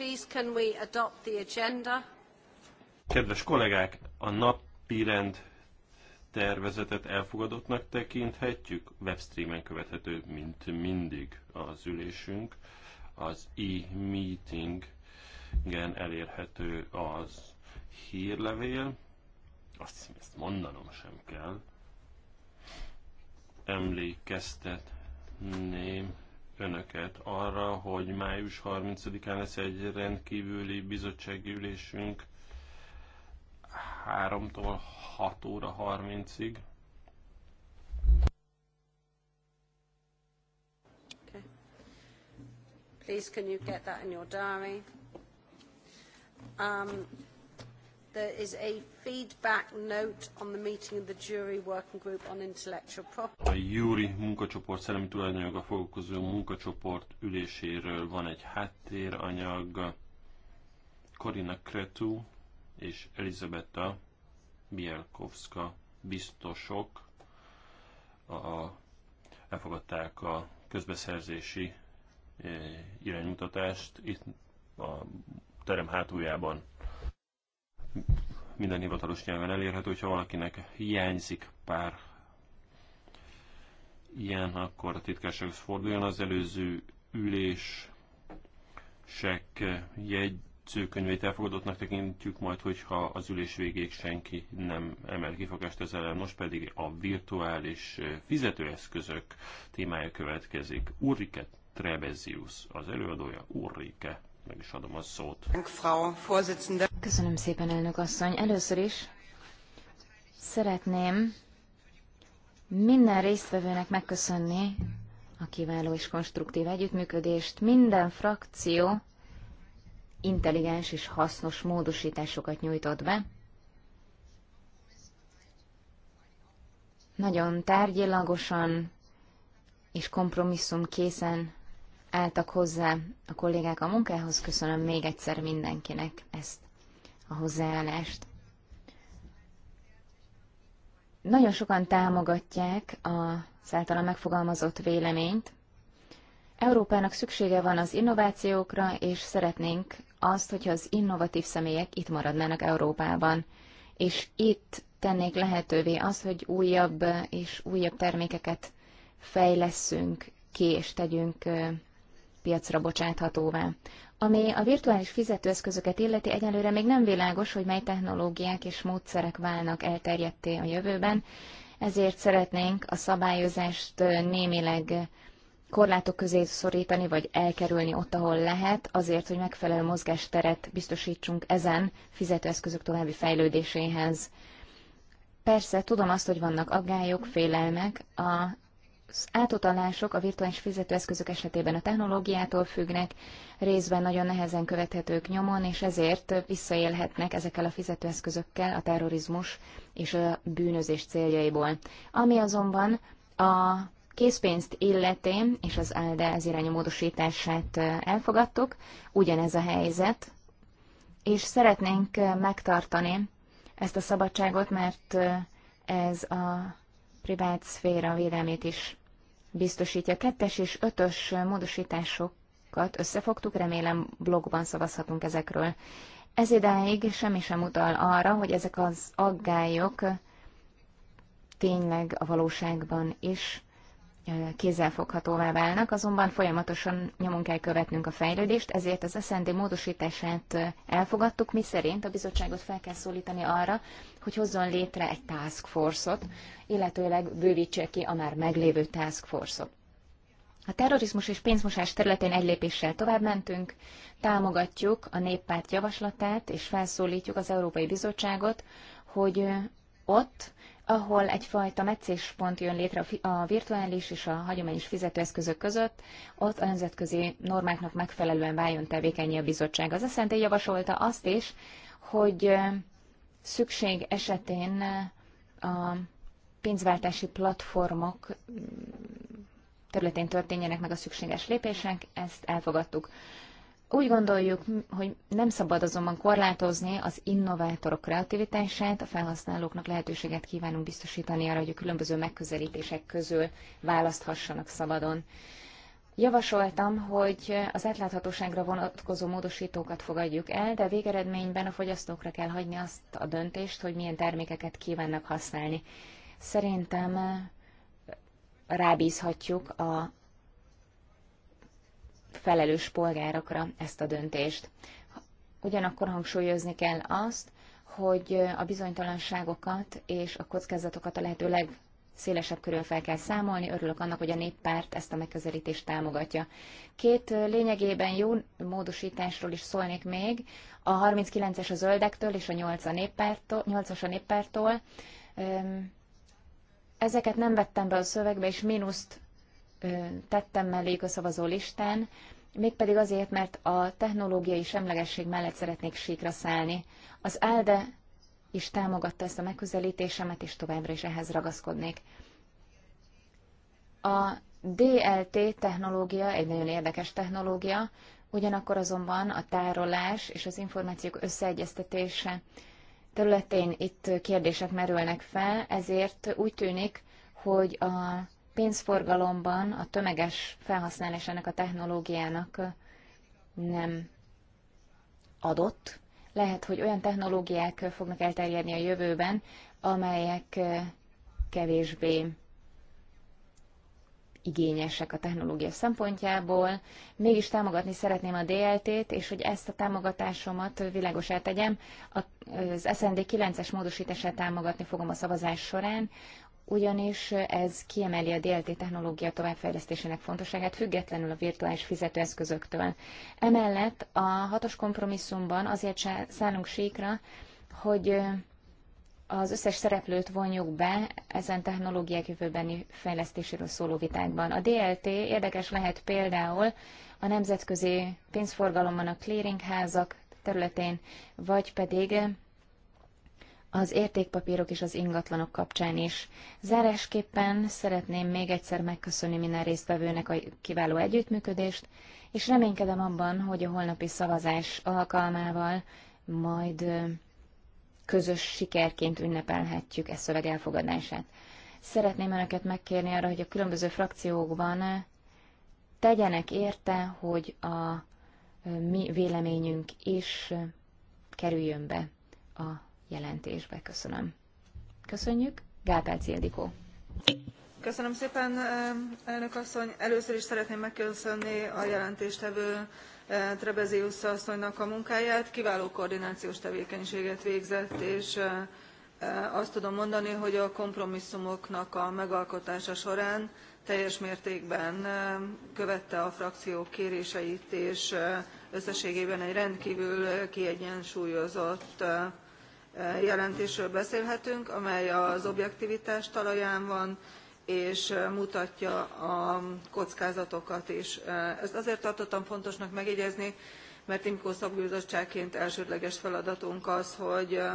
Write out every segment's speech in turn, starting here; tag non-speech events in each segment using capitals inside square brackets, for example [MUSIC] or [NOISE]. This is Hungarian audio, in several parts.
please can we adopt the agenda? Kedves kollégák, a napirend tervezetet elfogadottnak tekinthetjük, webstreamen követhető, mint mindig az ülésünk, az e-meeting igen, elérhető az hírlevél, azt hiszem, ezt mondanom sem kell, emlékeztetném önöket arra, hogy május 30-án lesz egy rendkívüli bizottsági ülésünk 3-tól 6 óra 30-ig. Please can you get that in your diary? Um, There is a feedback note on the meeting of the jury working group on intellectual property. A júri munkacsoport szellemi tulajdonjoga foglalkozó munkacsoport üléséről van egy háttéranyag. Korina Kretu és Elizabeta Bielkowska biztosok a, a, elfogadták a közbeszerzési e, iránymutatást itt a terem hátuljában minden hivatalos nyelven elérhető, hogyha valakinek hiányzik pár ilyen, akkor a titkársághoz forduljon. Az előző ülések jegyzőkönyvét elfogadottnak tekintjük majd, hogyha az ülés végéig senki nem emel kifogást ezzel ellen. Most pedig a virtuális fizetőeszközök témája következik. Urike Trebezius az előadója, Urike meg is adom a szót. Köszönöm szépen, elnök asszony. Először is szeretném minden résztvevőnek megköszönni a kiváló és konstruktív együttműködést. Minden frakció intelligens és hasznos módosításokat nyújtott be. Nagyon tárgyilagosan és kompromisszum készen álltak hozzá a kollégák a munkához. Köszönöm még egyszer mindenkinek ezt a hozzáállást. Nagyon sokan támogatják az általa megfogalmazott véleményt. Európának szüksége van az innovációkra, és szeretnénk azt, hogyha az innovatív személyek itt maradnának Európában, és itt tennék lehetővé azt, hogy újabb és újabb termékeket fejleszünk ki, és tegyünk piacra bocsáthatóvá. Ami a virtuális fizetőeszközöket illeti, egyelőre még nem világos, hogy mely technológiák és módszerek válnak elterjedté a jövőben, ezért szeretnénk a szabályozást némileg korlátok közé szorítani, vagy elkerülni ott, ahol lehet, azért, hogy megfelelő mozgásteret biztosítsunk ezen fizetőeszközök további fejlődéséhez. Persze tudom azt, hogy vannak aggályok, félelmek, a az átutalások a virtuális fizetőeszközök esetében a technológiától függnek, részben nagyon nehezen követhetők nyomon, és ezért visszaélhetnek ezekkel a fizetőeszközökkel a terrorizmus és a bűnözés céljaiból. Ami azonban a készpénzt illetén és az ALDE az irányú módosítását elfogadtuk, ugyanez a helyzet, és szeretnénk megtartani ezt a szabadságot, mert ez a privát szféra védelmét is biztosítja. Kettes és ötös módosításokat összefogtuk, remélem blogban szavazhatunk ezekről. Ez idáig semmi sem utal arra, hogy ezek az aggályok tényleg a valóságban is kézzelfoghatóvá válnak, azonban folyamatosan nyomon kell követnünk a fejlődést, ezért az SZND módosítását elfogadtuk, mi szerint a bizottságot fel kell szólítani arra, hogy hozzon létre egy task force-ot, illetőleg bővítse ki a már meglévő task force-ot. A terrorizmus és pénzmosás területén egy lépéssel tovább mentünk, támogatjuk a néppárt javaslatát, és felszólítjuk az Európai Bizottságot, hogy ott, ahol egyfajta meccéspont jön létre a virtuális és a hagyományos fizetőeszközök között, ott a nemzetközi normáknak megfelelően váljon tevékeny a bizottság. Az eszentély javasolta azt is, hogy szükség esetén a pénzváltási platformok területén történjenek meg a szükséges lépések, ezt elfogadtuk. Úgy gondoljuk, hogy nem szabad azonban korlátozni az innovátorok kreativitását, a felhasználóknak lehetőséget kívánunk biztosítani arra, hogy a különböző megközelítések közül választhassanak szabadon. Javasoltam, hogy az átláthatóságra vonatkozó módosítókat fogadjuk el, de végeredményben a fogyasztókra kell hagyni azt a döntést, hogy milyen termékeket kívánnak használni. Szerintem eh, rábízhatjuk a felelős polgárokra ezt a döntést. Ugyanakkor hangsúlyozni kell azt, hogy a bizonytalanságokat és a kockázatokat a lehető szélesebb körül fel kell számolni. Örülök annak, hogy a néppárt ezt a megközelítést támogatja. Két lényegében jó módosításról is szólnék még. A 39-es a zöldektől és a 8 a néppártól, 8-as a néppártól. Ezeket nem vettem be a szövegbe, és mínuszt tettem melléjük a szavazó listán, mégpedig azért, mert a technológiai semlegesség mellett szeretnék síkra szállni. Az ALDE is támogatta ezt a megközelítésemet, és továbbra is ehhez ragaszkodnék. A DLT technológia egy nagyon érdekes technológia, ugyanakkor azonban a tárolás és az információk összeegyeztetése területén itt kérdések merülnek fel, ezért úgy tűnik, hogy a pénzforgalomban a tömeges felhasználás ennek a technológiának nem adott, lehet, hogy olyan technológiák fognak elterjedni a jövőben, amelyek kevésbé igényesek a technológia szempontjából. Mégis támogatni szeretném a DLT-t, és hogy ezt a támogatásomat világos eltegyem, az SND 9-es módosítását támogatni fogom a szavazás során, ugyanis ez kiemeli a DLT technológia továbbfejlesztésének fontosságát függetlenül a virtuális fizetőeszközöktől. Emellett a hatos kompromisszumban azért szállunk síkra, hogy az összes szereplőt vonjuk be ezen technológiák jövőbeni fejlesztéséről szóló vitákban. A DLT érdekes lehet például a nemzetközi pénzforgalomban a clearingházak területén, vagy pedig az értékpapírok és az ingatlanok kapcsán is. Zárásképpen szeretném még egyszer megköszönni minden résztvevőnek a kiváló együttműködést, és reménykedem abban, hogy a holnapi szavazás alkalmával majd közös sikerként ünnepelhetjük e szöveg elfogadását. Szeretném Önöket megkérni arra, hogy a különböző frakciókban tegyenek érte, hogy a mi véleményünk is kerüljön be a jelentésbe. Köszönöm. Köszönjük. Gálpelc Cildikó. Köszönöm szépen, elnök asszony. Először is szeretném megköszönni a jelentéstevő Trebeziusz asszonynak a munkáját. Kiváló koordinációs tevékenységet végzett, és azt tudom mondani, hogy a kompromisszumoknak a megalkotása során teljes mértékben követte a frakciók kéréseit, és összességében egy rendkívül kiegyensúlyozott jelentésről beszélhetünk amely az objektivitás talaján van és eh, mutatja a kockázatokat is. Eh, ezt azért tartottam fontosnak megjegyezni mert imco szakbizottságként elsődleges feladatunk az hogy eh,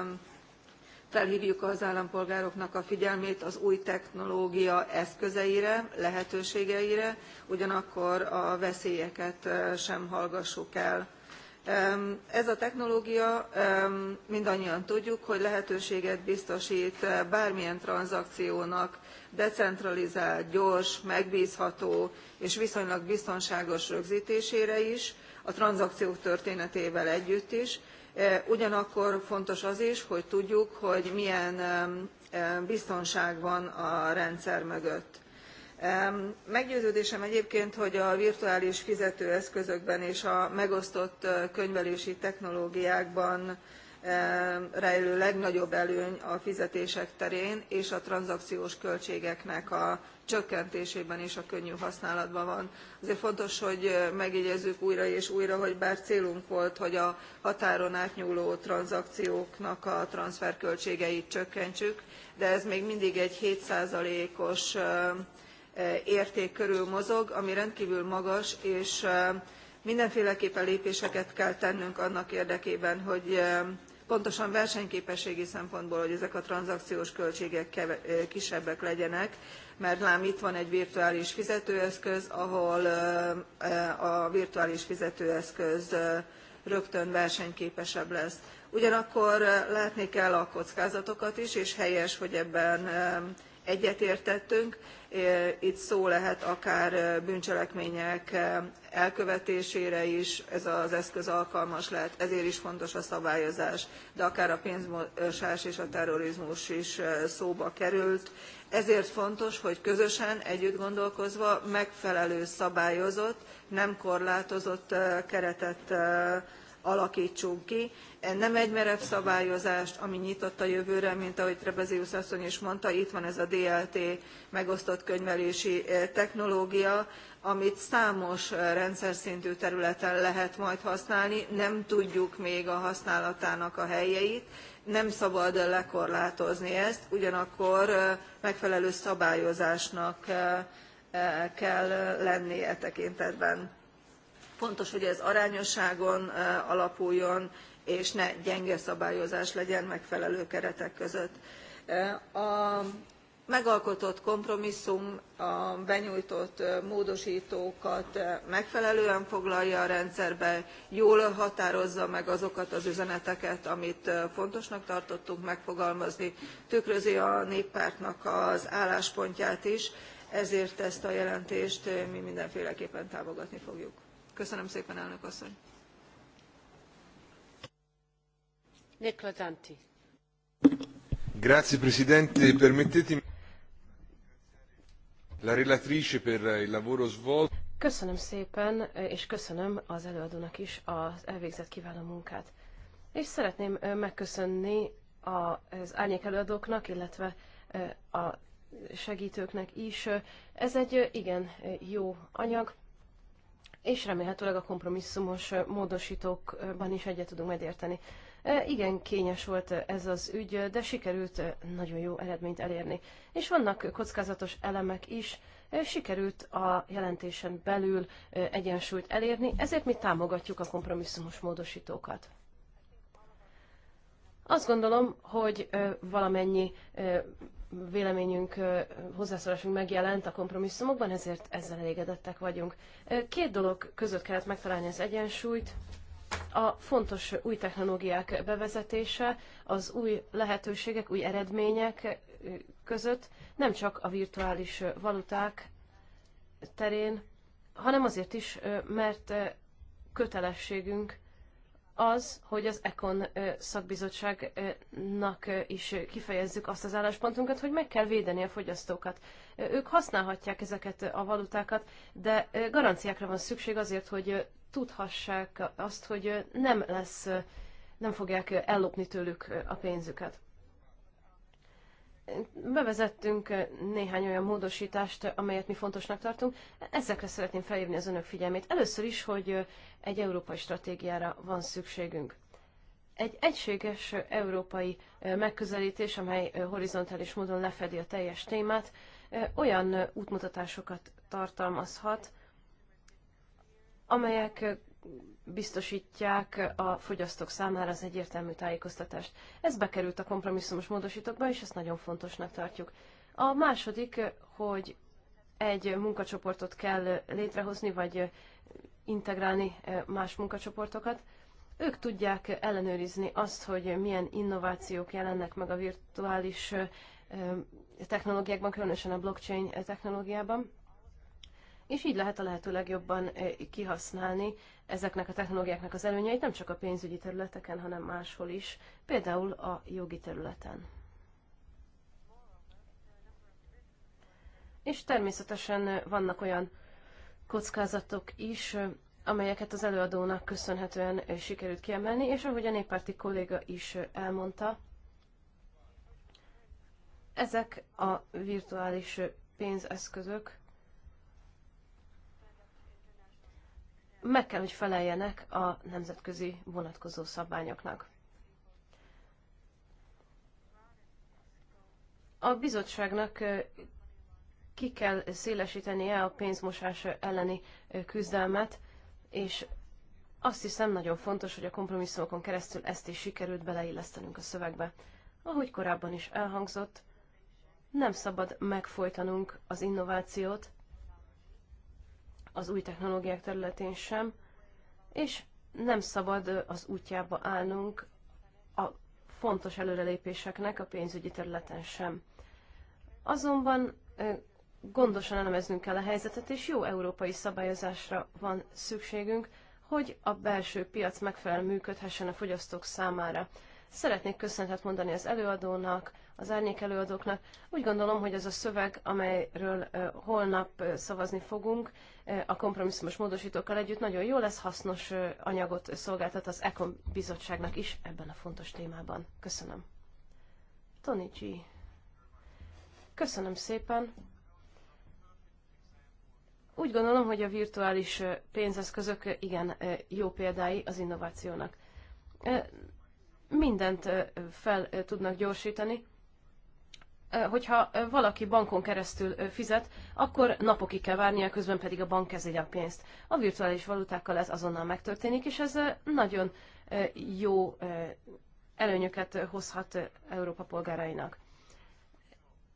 felhvjuk az állampolgároknak a figyelmét az új technológia eszközeire lehetőségeire ugyanakkor a veszélyeket sem hallgassuk el ez a technológia mindannyian tudjuk hogy lehetőséget biztost eh, bármilyen tranzakciónak decentralizált gyors megbzható és viszonylag biztonságos rögztésére is a tranzakciók történetével együtt is eh, ugyanakkor fontos az is hogy tudjuk hogy milyen biztonság van a rendszer mögött meggyőződésem egyébként hogy a virtuális fizetőeszközökben és a megosztott könyvelési technológiákban rejlő legnagyobb előny a fizetések terén és a tranzakciós költségeknek a csökkentésében és a könnyű használatban van. azért fontos hogy megjegyezzük újra és újra hogy bár célunk volt hogy a határon átnyúló tranzakcióknak a transferköltségeit csökkentsük de ez még mindig egy 7 os Eh, érték körül mozog ami rendkvül magas és eh, mindenféleképpen lépéseket kell tennünk annak érdekében hogy eh, pontosan versenyképességi szempontból hogy ezek a tranzakciós költségek kisebbek legyenek mert lám itt van egy virtuális fizetőeszköz ahol a virtuális fizetőeszköz rögtön versenyképesebb lesz. ugyanakkor látni kell a kockázatokat is és helyes hogy ebben egyetértettünk itt szó lehet akár bűncselekmények elkövetésére is ez az eszköz alkalmas lehet ezért is fontos a szabályozás de akár a pénzmosás és a terrorizmus is szóba került ezért fontos hogy közösen együtt gondolkozva megfelelő szabályozott nem korlátozott keretet alaktsunk ki e, nem egy merev szabályozást ami nyitott a jövőre mint ahogy trebesius asszony is mondta itt van ez a dlt megosztott könyvelési e, technológia amit számos e, rendszerszintű területen lehet majd használni nem tudjuk még a használatának a helyeit nem szabad lekorlátozni ezt ugyanakkor megfelelő szabályozásnak kell lennie e tekintetben Fontos, hogy ez arányosságon alapuljon, és ne gyenge szabályozás legyen megfelelő keretek között. A megalkotott kompromisszum a benyújtott módostókat megfelelően foglalja a rendszerbe jól határozza meg azokat az üzeneteket amit fontosnak tartottunk megfogalmazni tükrözi a néppártnak az álláspontját is ezért ezt a jelentést mi mindenféleképpen támogatni fogjuk. Köszönöm szépen, elnök asszony. Nicola Grazie Presidente, permettetemi la relatrice per il lavoro svolto. Köszönöm szépen, és köszönöm az előadónak is az elvégzett kiváló munkát. És szeretném megköszönni az árnyék előadóknak, illetve a segítőknek is. Ez egy igen jó anyag, és remélhetőleg a kompromisszumos módosítókban is egyet tudunk megérteni. Igen, kényes volt ez az ügy, de sikerült nagyon jó eredményt elérni. És vannak kockázatos elemek is, sikerült a jelentésen belül egyensúlyt elérni, ezért mi támogatjuk a kompromisszumos módosítókat. Azt gondolom, hogy valamennyi véleményünk, hozzászólásunk megjelent a kompromisszumokban, ezért ezzel elégedettek vagyunk. Két dolog között kellett megtalálni az egyensúlyt. A fontos új technológiák bevezetése, az új lehetőségek, új eredmények között, nem csak a virtuális valuták terén, hanem azért is, mert kötelességünk az, hogy az Ekon szakbizottságnak is kifejezzük azt az álláspontunkat, hogy meg kell védeni a fogyasztókat. Ők használhatják ezeket a valutákat, de garanciákra van szükség azért, hogy tudhassák azt, hogy nem lesz, nem fogják ellopni tőlük a pénzüket bevezettünk eh, néhány olyan módosítást, eh, amelyet mi fontosnak tartunk. Ezekre szeretném felhívni az önök figyelmét. Először is, hogy eh, egy európai stratégiára van szükségünk. Egy egységes európai megközelítés, amely horizontális módon lefedi a teljes témát, olyan útmutatásokat tartalmazhat, amelyek biztosítják a fogyasztók számára az egyértelmű tájékoztatást. Ez bekerült a kompromisszumos módosítókba, és ezt nagyon fontosnak tartjuk. A második, hogy egy munkacsoportot kell létrehozni, vagy integrálni más munkacsoportokat. Ők tudják ellenőrizni azt, hogy milyen innovációk jelennek meg a virtuális technológiákban, különösen a blockchain technológiában és így lehet a lehető legjobban kihasználni ezeknek a technológiáknak az előnyeit nem csak a pénzügyi területeken, hanem máshol is, például a jogi területen. És természetesen vannak olyan kockázatok is, amelyeket az előadónak köszönhetően sikerült kiemelni, és ahogy a néppárti kolléga is elmondta, ezek a virtuális pénzeszközök meg kell, hogy feleljenek a nemzetközi vonatkozó szabványoknak. A bizottságnak ki kell szélesítenie a pénzmosás elleni küzdelmet, és azt hiszem nagyon fontos, hogy a kompromisszumokon keresztül ezt is sikerült beleillesztenünk a szövegbe. Ahogy korábban is elhangzott, nem szabad megfojtanunk az innovációt, az új technológiák területén sem, és nem szabad az útjába állnunk a fontos előrelépéseknek a pénzügyi területen sem. Azonban gondosan elemeznünk kell a helyzetet, és jó európai szabályozásra van szükségünk, hogy a belső piac megfelelően működhessen a fogyasztók számára. Szeretnék köszönetet mondani az előadónak, az árnyék előadóknak. Úgy gondolom, hogy ez a szöveg, amelyről holnap szavazni fogunk, a kompromisszumos módosítókkal együtt nagyon jó lesz, hasznos anyagot szolgáltat az ECOM bizottságnak is ebben a fontos témában. Köszönöm. Tony G. Köszönöm szépen. Úgy gondolom, hogy a virtuális pénzeszközök igen jó példái az innovációnak mindent fel tudnak gyorsítani. Hogyha valaki bankon keresztül fizet, akkor napokig kell várnia, közben pedig a bank kezeli a pénzt. A virtuális valutákkal ez azonnal megtörténik, és ez nagyon jó előnyöket hozhat Európa polgárainak.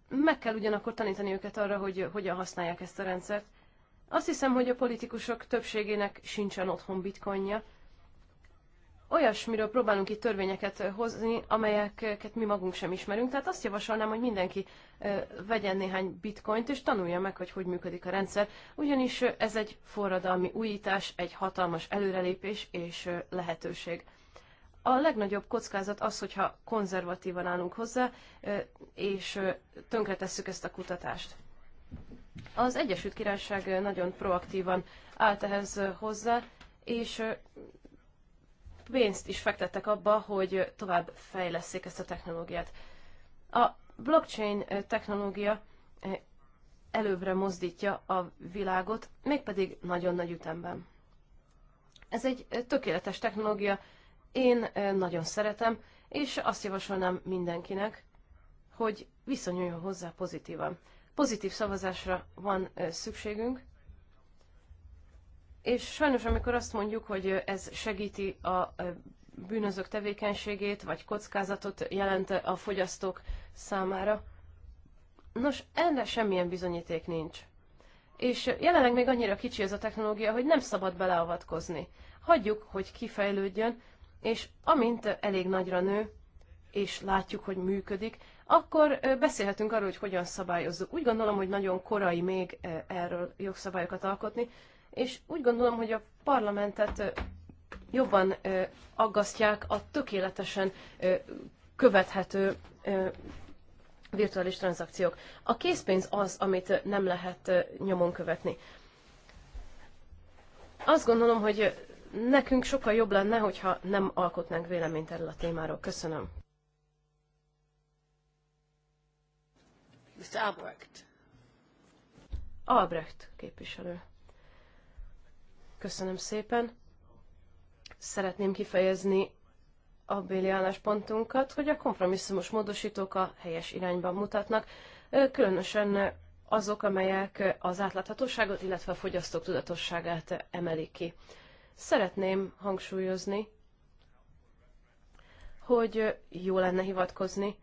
Meg kell ugyanakkor tanítani őket arra, hogy hogyan használják ezt a rendszert. Azt hiszem, hogy a politikusok többségének sincsen otthon bitcoinja, olyasmiről próbálunk itt törvényeket hozni, amelyeket mi magunk sem ismerünk. Tehát azt javasolnám, hogy mindenki vegyen néhány bitcoint, és tanulja meg, hogy hogy működik a rendszer, ugyanis ez egy forradalmi újítás, egy hatalmas előrelépés és lehetőség. A legnagyobb kockázat az, hogyha konzervatívan állunk hozzá, és tönkretesszük ezt a kutatást. Az Egyesült Királyság nagyon proaktívan állt ehhez hozzá, és pénzt is fektettek abba, hogy tovább fejleszik ezt a technológiát. A blockchain technológia előbbre mozdítja a világot, mégpedig nagyon nagy ütemben. Ez egy tökéletes technológia, én nagyon szeretem, és azt javasolnám mindenkinek, hogy viszonyuljon hozzá pozitívan. Pozitív szavazásra van szükségünk, és sajnos, amikor azt mondjuk, hogy ez segíti a bűnözők tevékenységét, vagy kockázatot jelent a fogyasztók számára, nos, erre semmilyen bizonyíték nincs. És jelenleg még annyira kicsi ez a technológia, hogy nem szabad beleavatkozni. Hagyjuk, hogy kifejlődjön, és amint elég nagyra nő, és látjuk, hogy működik, akkor beszélhetünk arról, hogy hogyan szabályozzuk. Úgy gondolom, hogy nagyon korai még erről jogszabályokat alkotni, és úgy gondolom, hogy a parlamentet jobban aggasztják a tökéletesen követhető virtuális tranzakciók. A készpénz az, amit nem lehet nyomon követni. Azt gondolom, hogy nekünk sokkal jobb lenne, hogyha nem alkotnánk véleményt erről a témáról. Köszönöm. Mr. Albrecht. Albrecht képviselő. Köszönöm szépen. Szeretném kifejezni a béli álláspontunkat, hogy a kompromisszumos módosítók a helyes irányba mutatnak, különösen azok, amelyek az átláthatóságot, illetve a fogyasztók tudatosságát emelik ki. Szeretném hangsúlyozni, hogy jó lenne hivatkozni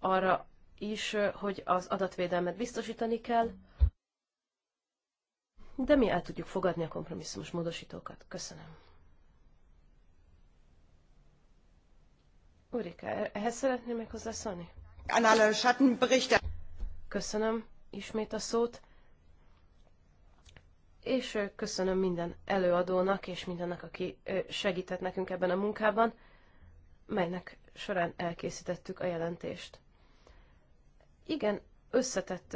arra is, hogy az adatvédelmet biztosítani kell, de mi el tudjuk fogadni a kompromisszumos módosítókat. Köszönöm. Urika, ehhez szeretném meg hozzászólni? Äh, köszönöm ismét a szót, és köszönöm minden előadónak és mindennek, aki segített nekünk ebben a munkában, melynek során elkészítettük a jelentést. Igen, összetett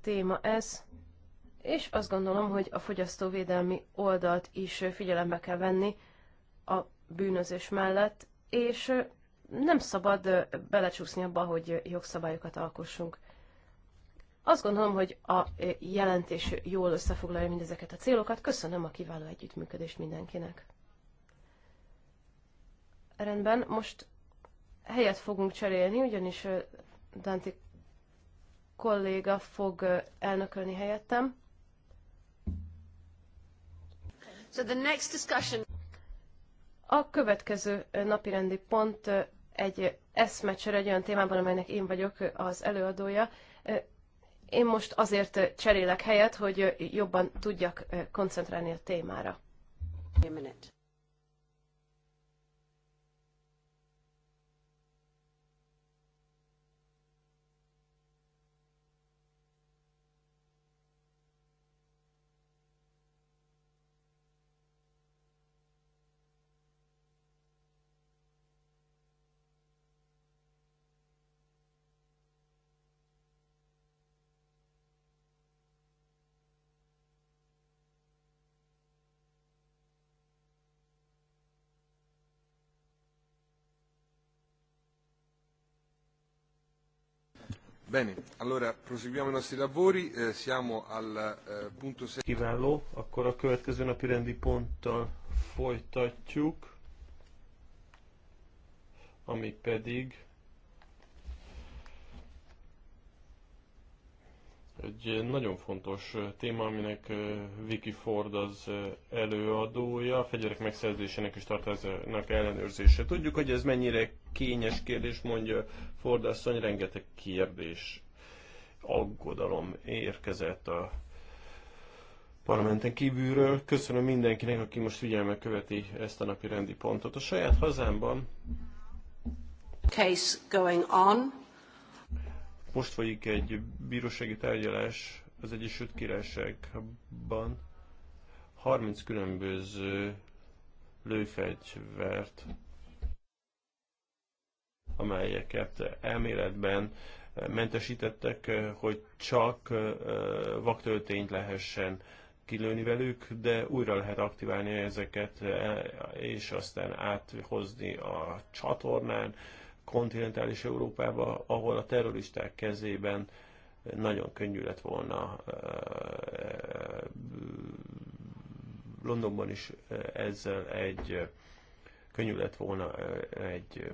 téma ez, és azt gondolom, hogy a fogyasztóvédelmi oldalt is figyelembe kell venni a bűnözés mellett, és nem szabad belecsúszni abba, hogy jogszabályokat alkossunk. Azt gondolom, hogy a jelentés jól összefoglalja mindezeket a célokat. Köszönöm a kiváló együttműködést mindenkinek. Rendben, most helyet fogunk cserélni, ugyanis Dante kolléga fog elnökölni helyettem. So the next discussion... A következő eh, napirendi pont eh, egy eszmecsere egy olyan témában, amelynek én vagyok eh, az előadója. Én most azért cserélek helyet, hogy jobban tudjak koncentrálni a témára. A minute. Bene, allora proseguiamo i nostri lavori, eh, siamo al eh, punto 6. Kiváló, akkor a következő napi rendi ponttal folytatjuk, ami pedig egy nagyon fontos eh, téma, aminek eh, Vicky Ford az eh, előadója, a fegyverek megszerzésének és tartásának ellenőrzése. Tudjuk, hogy ez mennyire kényes kérdés, mondja Fordasszony, rengeteg kérdés, aggodalom érkezett a parlamenten kívülről. Köszönöm mindenkinek, aki most figyelme követi ezt a napi rendi pontot. A saját hazámban case going on. Most folyik egy bírósági tárgyalás az Egyesült Királyságban. 30 különböző lőfegyvert amelyeket elméletben eh, mentesítettek, eh, hogy csak eh, vaktöltényt lehessen kilőni velük, de újra lehet aktiválni ezeket, és aztán áthozni a csatornán kontinentális Európába, ahol a terroristák kezében nagyon könnyű lett volna Londonban is ezzel egy könnyű lett volna egy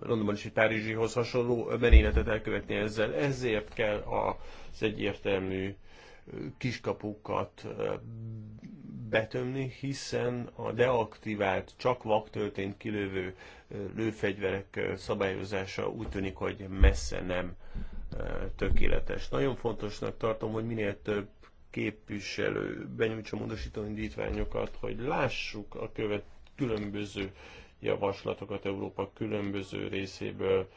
Londonban is egy Párizsihoz hasonló merényletet elkövetni ezzel. Ezért kell az egyértelmű kiskapukat betömni, hiszen a deaktivált, csak vak történt kilövő lőfegyverek szabályozása úgy tűnik, hogy messze nem tökéletes. Nagyon fontosnak tartom, hogy minél több képviselő benyújtsa módosító indítványokat, hogy lássuk a követ különböző javaslatokat Európa különböző részéből,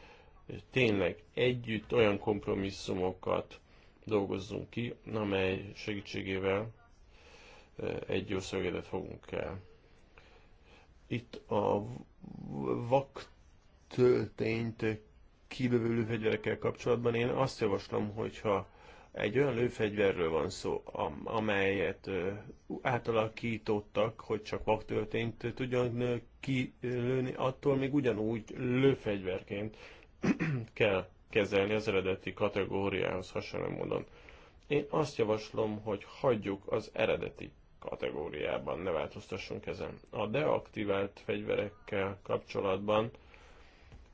tényleg együtt olyan kompromisszumokat dolgozzunk ki, amely segítségével egy jó szögedet fogunk el. Itt a vaktöltényt kilövő lőfegyverekkel kapcsolatban én azt javaslom, hogyha egy olyan lőfegyverről van szó, amelyet átalakítottak, hogy csak vaktöltényt tudjon kilőni, attól még ugyanúgy lőfegyverként [CLEARS THROAT] kell kezelni az eredeti kategóriához hasonló módon. Én azt javaslom, hogy hagyjuk az eredeti kategóriában, ne változtassunk ezen. A deaktivált fegyverekkel kapcsolatban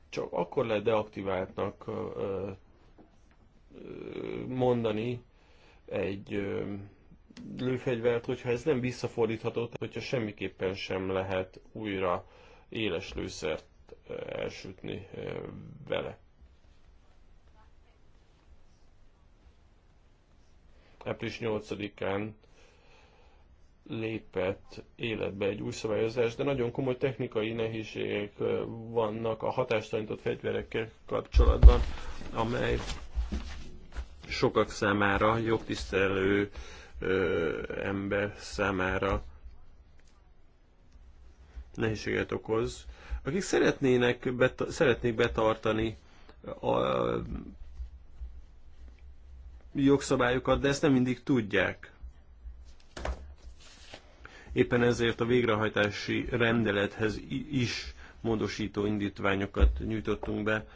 csak akkor lehet deaktiváltnak mondani egy lőfegyvert, hogyha ez nem visszafordítható, tehát hogyha semmiképpen sem lehet újra éles lőszert elsütni vele. Április 8-án lépett életbe egy új szabályozás, de nagyon komoly technikai nehézségek vannak a hatástalanított fegyverekkel kapcsolatban, amely sokak számára jogtisztelő ember számára nehézséget okoz. Akik szeretnének, bet, szeretnék betartani a jogszabályokat, de ezt nem mindig tudják. Éppen ezért a végrehajtási rendelethez is módosító indítványokat nyújtottunk be,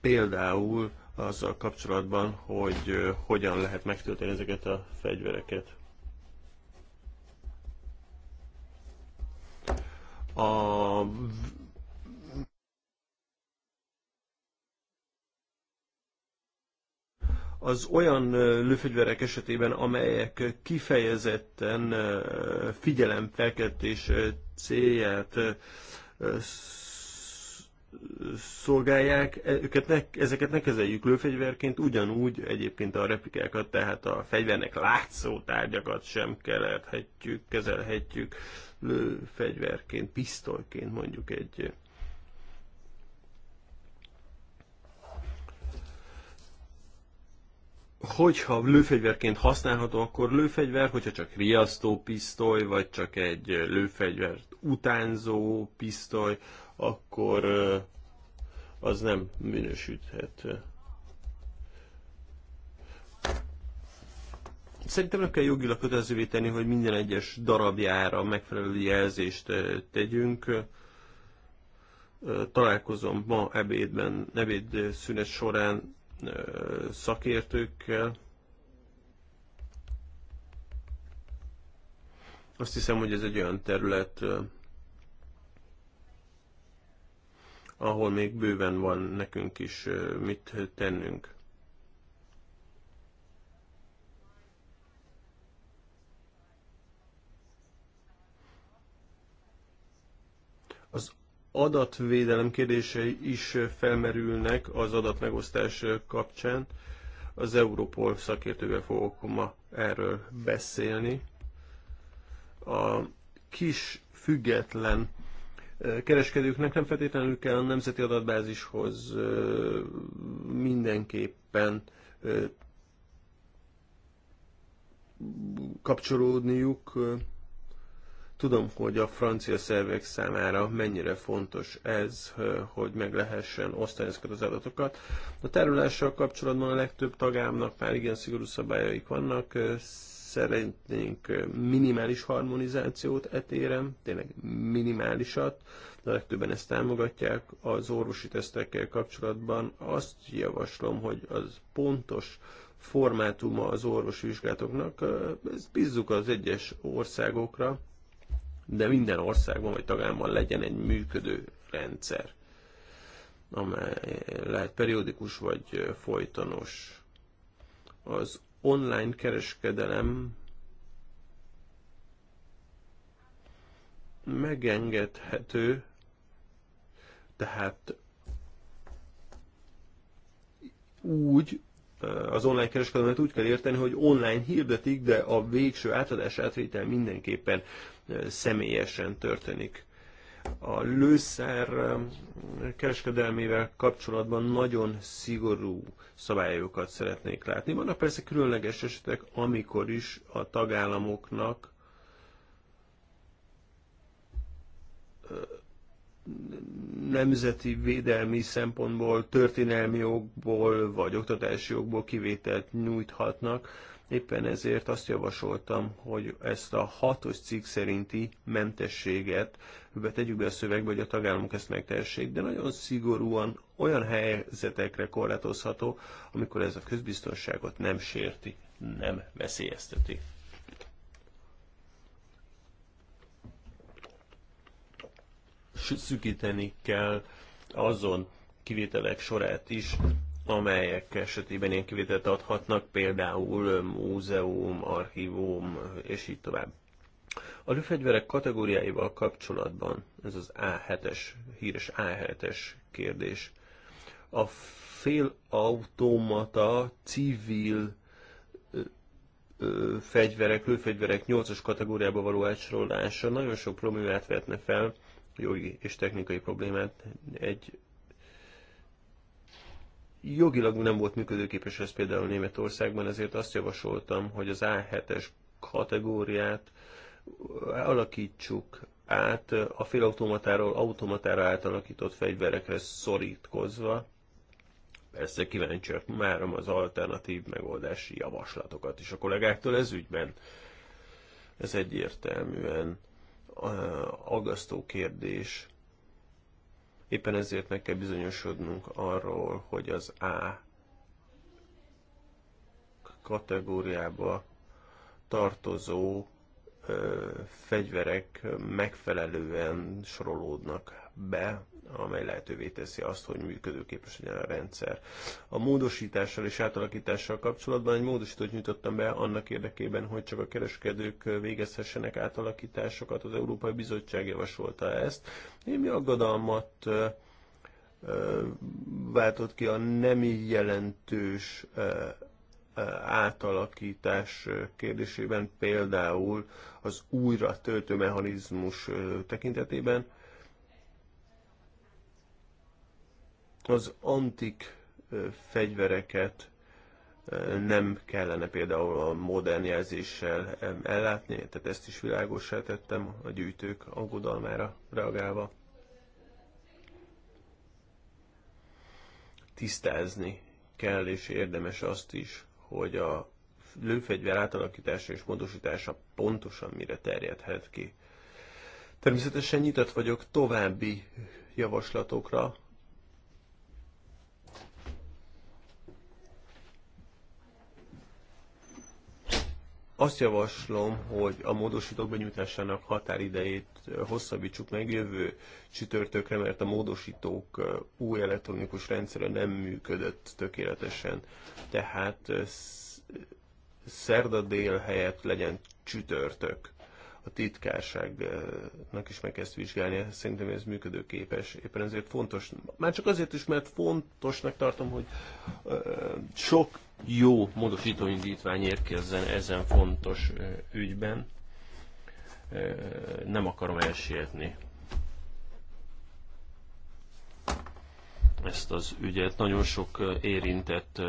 például azzal kapcsolatban, hogy hogyan lehet megtölteni ezeket a fegyvereket. A az olyan lőfegyverek esetében, amelyek kifejezetten figyelemfelkeltés célját szolgálják, e, őket ne, ezeket ne kezeljük lőfegyverként, ugyanúgy egyébként a replikákat, tehát a fegyvernek látszó tárgyakat sem kezelhetjük, kezelhetjük lőfegyverként, pisztolyként mondjuk egy hogyha lőfegyverként használható, akkor lőfegyver, hogyha csak riasztó pisztoly, vagy csak egy lőfegyvert utánzó pisztoly, akkor az nem minősíthet. Szerintem nem kell jogilag kötelezővé tenni, hogy minden egyes darabjára megfelelő jelzést tegyünk. Találkozom ma ebédben, ebéd szünet során szakértőkkel. Azt hiszem, hogy ez egy olyan terület, ahol még bőven van nekünk is mit tennünk. Az adatvédelem kérdései is felmerülnek az adatmegosztás kapcsán. Az Europol szakértővel fogok ma erről beszélni. A kis független kereskedőknek nem feltétlenül kell a nemzeti adatbázishoz mindenképpen kapcsolódniuk. Tudom, hogy a francia szervek számára mennyire fontos ez, hogy meg lehessen osztani ezeket az adatokat. A tárolással kapcsolatban a legtöbb tagámnak már igen szigorú szabályaik vannak, Szeretnénk minimális harmonizációt etérem, tényleg minimálisat, de legtöbben ezt támogatják. Az orvosi tesztekkel kapcsolatban azt javaslom, hogy az pontos formátuma az orvosi vizsgálatoknak, ezt bízzuk az egyes országokra, de minden országban vagy tagállamban legyen egy működő rendszer, amely lehet periódikus vagy folytonos. Az online kereskedelem megengedhető, tehát úgy, az online kereskedelmet úgy kell érteni, hogy online hirdetik, de a végső átadás átvétel mindenképpen személyesen történik a lőszer kereskedelmével kapcsolatban nagyon szigorú szabályokat szeretnék látni. Vannak persze különleges esetek, amikor is a tagállamoknak nemzeti védelmi szempontból, történelmi jogból vagy oktatási jogból kivételt nyújthatnak Éppen ezért azt javasoltam, hogy ezt a hatos cikk szerinti mentességet tegyük be a szövegbe, hogy a tagállamok ezt megtehessék, de nagyon szigorúan olyan helyzetekre korlátozható, amikor ez a közbiztonságot nem sérti, nem veszélyezteti. Szükíteni kell azon kivételek sorát is, amelyek esetében ilyen kivételt adhatnak, például múzeum, archívum, és így tovább. A lőfegyverek kategóriáival kapcsolatban ez az A7-es, híres A7-es kérdés. A félautomata civil fegyverek, lőfegyverek 8-as kategóriába való átsorolása nagyon sok problémát vetne fel, jogi és technikai problémát egy jogilag nem volt működőképes ez például Németországban, ezért azt javasoltam, hogy az A7-es kategóriát alakítsuk át a félautomatáról automatára átalakított fegyverekre szorítkozva. Persze kíváncsiak márom az alternatív megoldási javaslatokat is a kollégáktól ez ügyben. Ez egyértelműen aggasztó kérdés Éppen ezért meg kell bizonyosodnunk arról, hogy az A kategóriába tartozó ö, fegyverek megfelelően sorolódnak be amely lehetővé teszi azt, hogy működőképes legyen a rendszer. A módosítással és átalakítással kapcsolatban egy módosítót nyújtottam be annak érdekében, hogy csak a kereskedők végezhessenek átalakításokat. Az Európai Bizottság javasolta ezt. Némi aggodalmat váltott ki a nem jelentős átalakítás kérdésében, például az újra töltő mechanizmus tekintetében. Az antik fegyvereket nem kellene például a modern jelzéssel ellátni, tehát ezt is világosá tettem a gyűjtők aggodalmára reagálva. Tisztázni kell és érdemes azt is, hogy a lőfegyver átalakítása és módosítása pontosan mire terjedhet ki. Természetesen nyitott vagyok további javaslatokra, Azt javaslom, hogy a módosítók benyújtásának határidejét hosszabbítsuk meg jövő csütörtökre, mert a módosítók új elektronikus rendszere nem működött tökéletesen. Tehát szerda dél helyett legyen csütörtök a titkárságnak is meg kell ezt vizsgálni, szerintem ez működőképes. Éppen ezért fontos, már csak azért is, mert fontosnak tartom, hogy sok jó módosítóindítvány indítvány érkezzen ezen fontos ügyben. Nem akarom elsietni ezt az ügyet. Nagyon sok érintett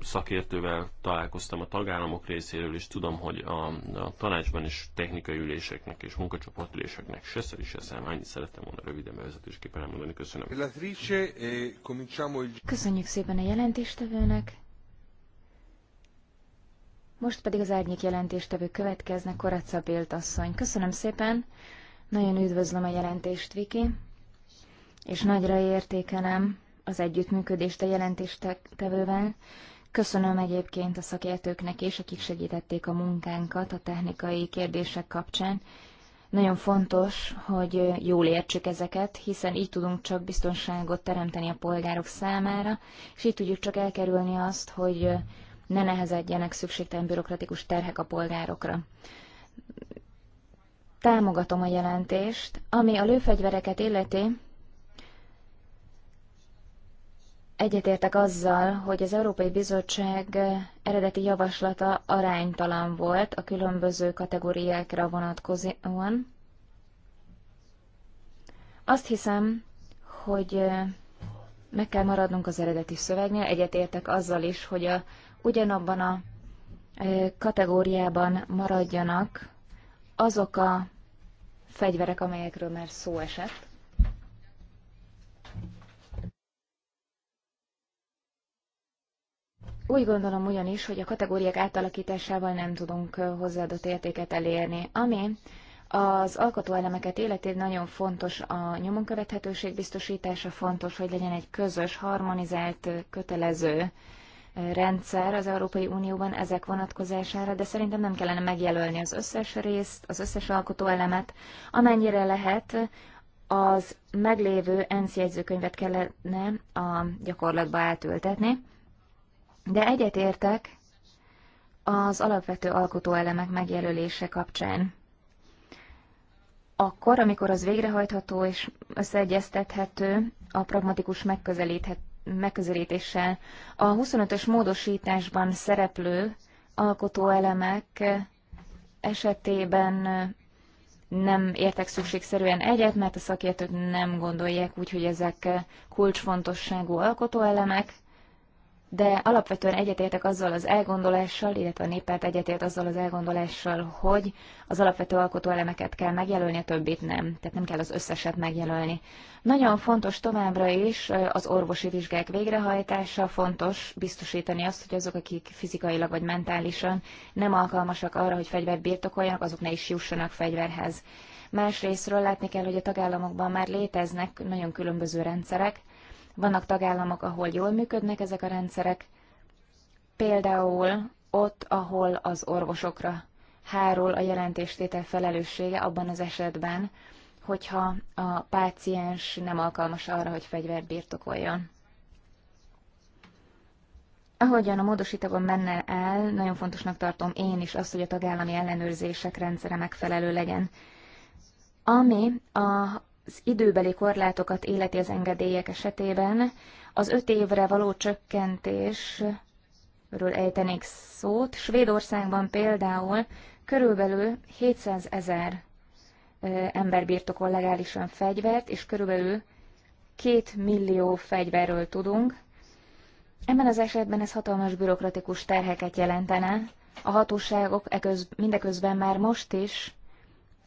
szakértővel találkoztam a tagállamok részéről, és tudom, hogy a, a tanácsban is technikai üléseknek és munkacsoportüléseknek se szer is eszem. Annyit szerettem volna röviden bevezetésképpen elmondani. Köszönöm. E, Köszönjük szépen a jelentéstevőnek. Most pedig az árnyék jelentéstevő következnek, Koraca Bélt asszony. Köszönöm szépen, nagyon üdvözlöm a jelentést, Viki, és nagyra értékelem az együttműködést a jelentéstevővel. Köszönöm egyébként a szakértőknek is, akik segítették a munkánkat a technikai kérdések kapcsán. Nagyon fontos, hogy jól értsük ezeket, hiszen így tudunk csak biztonságot teremteni a polgárok számára, és így tudjuk csak elkerülni azt, hogy ne nehezedjenek szükségtelen bürokratikus terhek a polgárokra. Támogatom a jelentést, ami a lőfegyvereket illeti, Egyetértek azzal, hogy az Európai Bizottság eredeti javaslata aránytalan volt a különböző kategóriákra vonatkozóan. Azt hiszem, hogy meg kell maradnunk az eredeti szövegnél. Egyetértek azzal is, hogy a, ugyanabban a kategóriában maradjanak azok a fegyverek, amelyekről már szó esett. Úgy gondolom ugyanis, hogy a kategóriák átalakításával nem tudunk hozzáadott értéket elérni, ami az alkotóelemeket életében nagyon fontos a nyomon követhetőség biztosítása, fontos, hogy legyen egy közös, harmonizált, kötelező rendszer az Európai Unióban ezek vonatkozására, de szerintem nem kellene megjelölni az összes részt, az összes alkotóelemet, amennyire lehet, az meglévő ENSZ jegyzőkönyvet kellene a gyakorlatba átültetni. De egyetértek az alapvető alkotóelemek megjelölése kapcsán. Akkor, amikor az végrehajtható és összeegyeztethető a pragmatikus megközelítéssel, a 25-ös módosításban szereplő alkotóelemek esetében nem értek szükségszerűen egyet, mert a szakértők nem gondolják úgy, hogy ezek kulcsfontosságú alkotóelemek, de alapvetően egyetértek azzal az elgondolással, illetve a néppárt egyetért azzal az elgondolással, hogy az alapvető alkotóelemeket kell megjelölni, a többit nem, tehát nem kell az összeset megjelölni. Nagyon fontos továbbra is az orvosi vizsgák végrehajtása, fontos biztosítani azt, hogy azok, akik fizikailag vagy mentálisan nem alkalmasak arra, hogy fegyvert birtokoljanak, azok ne is jussanak fegyverhez. Másrésztről látni kell, hogy a tagállamokban már léteznek nagyon különböző rendszerek, vannak tagállamok, ahol jól működnek ezek a rendszerek, például ott, ahol az orvosokra hárul a jelentéstétel felelőssége abban az esetben, hogyha a páciens nem alkalmas arra, hogy fegyvert birtokoljon. Ahogyan a módosítóban menne el, nagyon fontosnak tartom én is azt, hogy a tagállami ellenőrzések rendszere megfelelő legyen. Ami a az időbeli korlátokat életi az engedélyek esetében az öt évre való csökkentésről ejtenék szót. Svédországban például körülbelül 700 ezer ember birtokol legálisan fegyvert, és körülbelül 2 millió fegyverről tudunk. Ebben az esetben ez hatalmas bürokratikus terheket jelentene. A hatóságok mindeközben már most is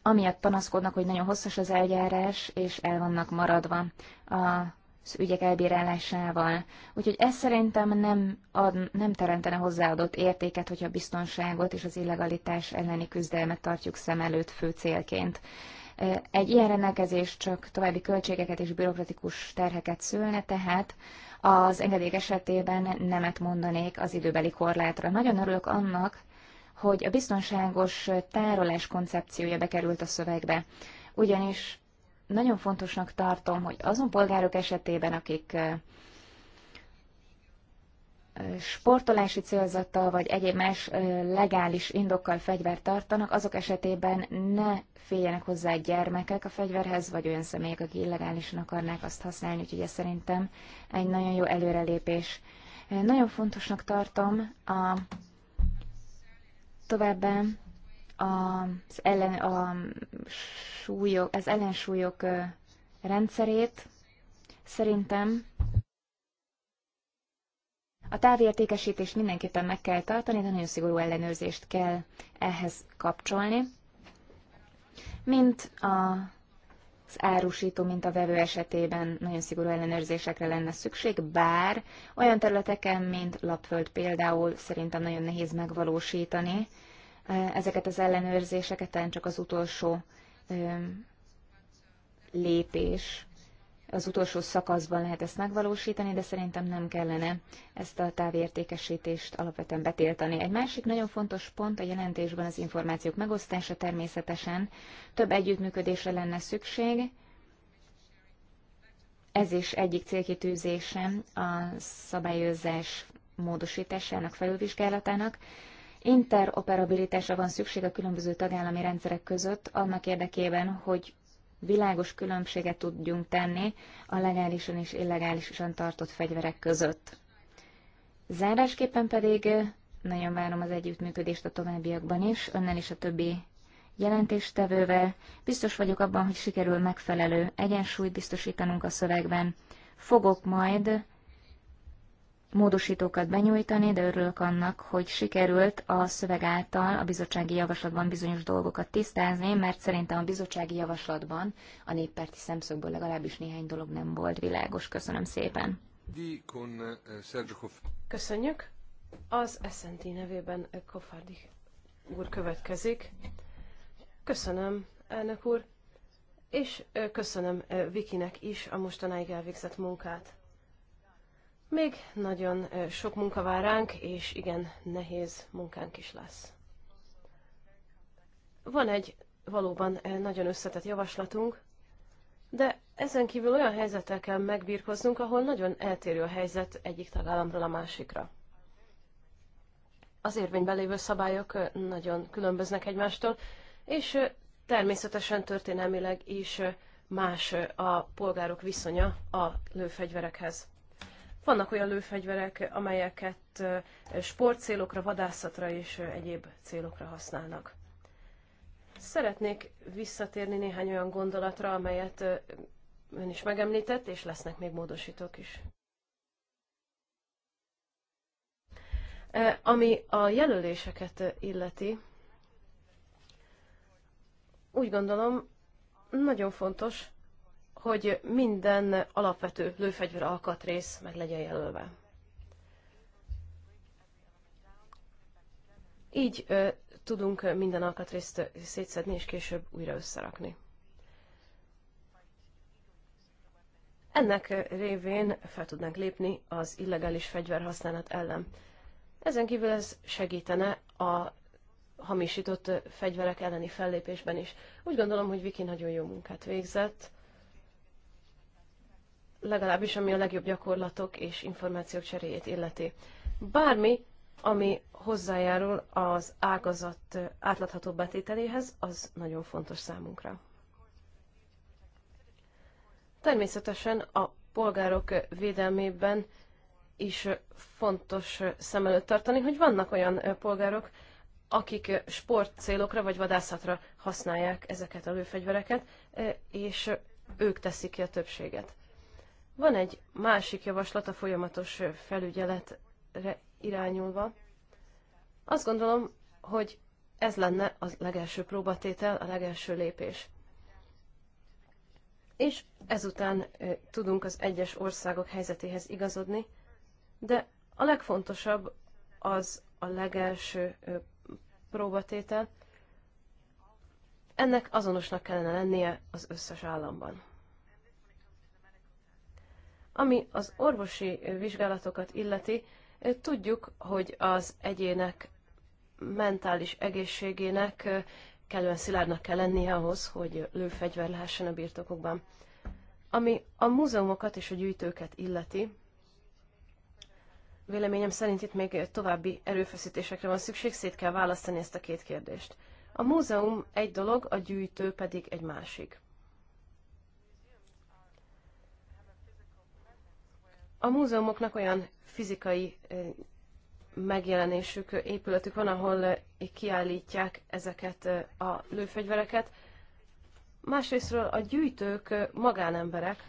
amiatt panaszkodnak, hogy nagyon hosszas az eljárás, és el vannak maradva az ügyek elbírálásával. Úgyhogy ez szerintem nem, ad, nem teremtene hozzáadott értéket, hogyha a biztonságot és az illegalitás elleni küzdelmet tartjuk szem előtt fő célként. Egy ilyen rendelkezés csak további költségeket és bürokratikus terheket szülne, tehát az engedély esetében nemet mondanék az időbeli korlátra. Nagyon örülök annak, hogy a biztonságos tárolás koncepciója bekerült a szövegbe. Ugyanis nagyon fontosnak tartom, hogy azon polgárok esetében, akik sportolási célzattal vagy egyéb más legális indokkal fegyvert tartanak, azok esetében ne féljenek hozzá gyermekek a fegyverhez, vagy olyan személyek, akik illegálisan akarnák azt használni, úgyhogy ez szerintem egy nagyon jó előrelépés. Nagyon fontosnak tartom a Továbbá az, ellen, a súlyok, az ellensúlyok rendszerét szerintem a távértékesítést mindenképpen meg kell tartani, de nagyon szigorú ellenőrzést kell ehhez kapcsolni. Mint a az árusító, mint a vevő esetében nagyon szigorú ellenőrzésekre lenne szükség, bár olyan területeken, mint Lapföld például, szerintem nagyon nehéz megvalósítani ezeket az ellenőrzéseket, talán csak az utolsó lépés az utolsó szakaszban lehet ezt megvalósítani, de szerintem nem kellene ezt a távértékesítést alapvetően betiltani. Egy másik nagyon fontos pont a jelentésben az információk megosztása természetesen. Több együttműködésre lenne szükség. Ez is egyik célkitűzése a szabályozás módosításának, felülvizsgálatának. Interoperabilitásra van szükség a különböző tagállami rendszerek között annak érdekében, hogy világos különbséget tudjunk tenni a legálisan és illegálisan tartott fegyverek között. Zárásképpen pedig eh, nagyon várom az együttműködést a továbbiakban is, önnel és a többi jelentéstevővel. Biztos vagyok abban, hogy sikerül megfelelő egyensúlyt biztosítanunk a szövegben. Fogok majd módosítókat benyújtani, de örülök annak, hogy sikerült a szöveg által a bizottsági javaslatban bizonyos dolgokat tisztázni, mert szerintem a bizottsági javaslatban a néppárti szemszögből legalábbis néhány dolog nem volt világos. Köszönöm szépen. Eh, Köszönjük. Az SNT nevében eh, Kofardi úr következik. Köszönöm, elnök úr, és eh, köszönöm Vikinek is a mostanáig elvégzett munkát. Még nagyon sok munka vár ránk, és igen, nehéz munkánk is lesz. Van egy valóban nagyon összetett javaslatunk, de ezen kívül olyan helyzettel kell megbírkoznunk, ahol nagyon eltérő a helyzet egyik tagállamról a másikra. Az érvényben lévő szabályok nagyon különböznek egymástól, és természetesen történelmileg is más a polgárok viszonya a lőfegyverekhez. Vannak olyan lőfegyverek, amelyeket sportcélokra, vadászatra és egyéb célokra használnak. Szeretnék visszatérni néhány olyan gondolatra, amelyet ön is megemlített, és lesznek még módosítók is. Ami a jelöléseket illeti, úgy gondolom, nagyon fontos, hogy minden alapvető lőfegyver alkatrész meg legyen jelölve. Így ö, tudunk minden alkatrészt szétszedni és később újra összerakni. Ennek révén fel tudnánk lépni az illegális fegyverhasználat ellen. Ezen kívül ez segítene a hamisított fegyverek elleni fellépésben is. Úgy gondolom, hogy Viki nagyon jó munkát végzett, legalábbis ami a legjobb gyakorlatok és információk cseréjét illeti. Bármi, ami hozzájárul az ágazat átlathatóbb betételéhez, az nagyon fontos számunkra. Természetesen a polgárok védelmében is fontos szem előtt tartani, hogy vannak olyan polgárok, akik sportcélokra vagy vadászatra használják ezeket a lőfegyvereket, és ők teszik ki a többséget. Van egy másik javaslat a folyamatos felügyeletre irányulva. Azt gondolom, hogy ez lenne a legelső próbatétel, a legelső lépés. És ezután tudunk az egyes országok helyzetéhez igazodni, de a legfontosabb az a legelső próbatétel. Ennek azonosnak kellene lennie az összes államban. Ami az orvosi vizsgálatokat illeti, eh, tudjuk, hogy az egyének mentális egészségének eh, kellően szilárdnak kell lennie ahhoz, hogy lőfegyver lehessen a birtokokban. Ami a múzeumokat és a gyűjtőket illeti, véleményem szerint itt még további erőfeszítésekre van szükség, szét kell választani ezt a két kérdést. A múzeum egy dolog, a gyűjtő pedig egy másik. A múzeumoknak olyan fizikai megjelenésük, épületük van, ahol kiállítják ezeket a lőfegyvereket. Másrésztről a gyűjtők magánemberek,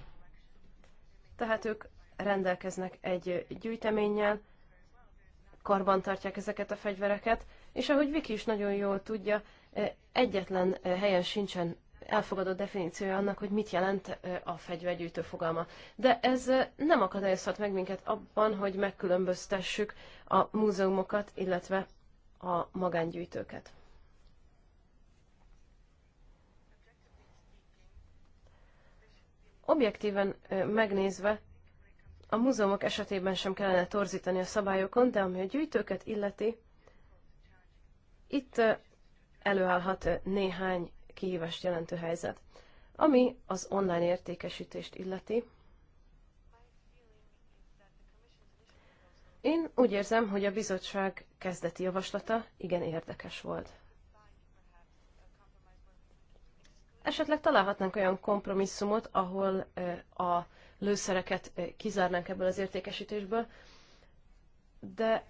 tehát ők rendelkeznek egy gyűjteménnyel, karbantartják ezeket a fegyvereket, és ahogy Viki is nagyon jól tudja, egyetlen helyen sincsen elfogadott definíciója annak, hogy mit jelent a fegyvergyűjtő fogalma. De ez nem akadályozhat meg minket abban, hogy megkülönböztessük a múzeumokat, illetve a magángyűjtőket. Objektíven megnézve, a múzeumok esetében sem kellene torzítani a szabályokon, de ami a gyűjtőket illeti, itt előállhat néhány kihívást jelentő helyzet. Ami az online értékesítést illeti, én úgy érzem, hogy a bizottság kezdeti javaslata igen érdekes volt. Esetleg találhatnánk olyan kompromisszumot, ahol a lőszereket kizárnánk ebből az értékesítésből, de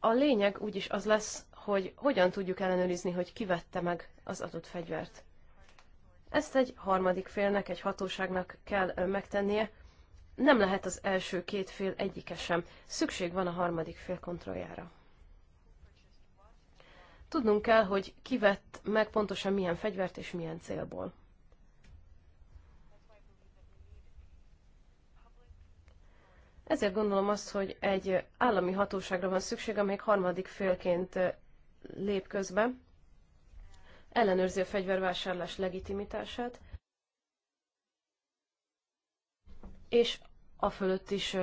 a lényeg úgyis az lesz, hogy hogyan tudjuk ellenőrizni, hogy kivette meg az adott fegyvert. Ezt egy harmadik félnek, egy hatóságnak kell megtennie. Nem lehet az első két fél egyike sem. Szükség van a harmadik fél kontrolljára. Tudnunk kell, hogy kivett meg pontosan milyen fegyvert és milyen célból. Ezért gondolom azt, hogy egy állami hatóságra van szükség, amelyik harmadik félként lép közbe, ellenőrzi a fegyvervásárlás legitimitását, és a fölött is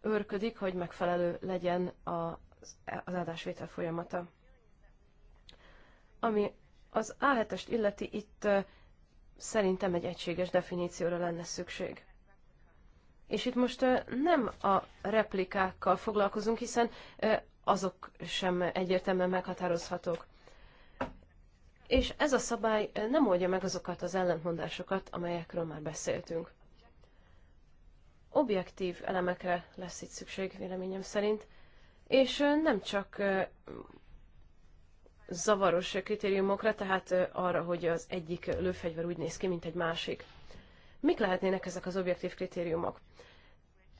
őrködik, hogy megfelelő legyen az adásvétel folyamata. Ami az A7-est illeti, itt szerintem egy egységes definícióra lenne szükség. És itt most nem a replikákkal foglalkozunk, hiszen azok sem egyértelműen meghatározhatók. És ez a szabály eh, nem oldja meg azokat az ellentmondásokat, amelyekről már beszéltünk. Objektív elemekre lesz itt szükség, véleményem szerint, és eh, nem csak eh, zavaros kritériumokra, tehát arra, hogy az egyik lőfegyver úgy néz ki, mint egy másik. Mik lehetnének ezek az objektív kritériumok?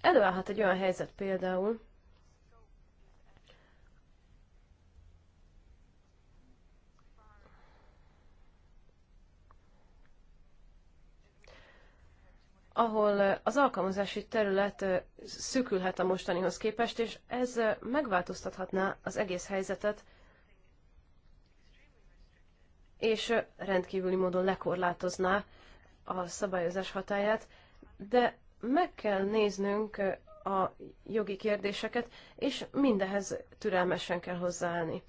Előállhat egy olyan helyzet például, ahol eh, az alkalmazási terület eh, szűkülhet a mostanihoz képest, és ez eh, megváltoztathatná az egész helyzetet, és rendkívüli módon lekorlátozná a szabályozás hatáját, de meg kell néznünk a jogi kérdéseket, és mindehez türelmesen kell hozzáállni.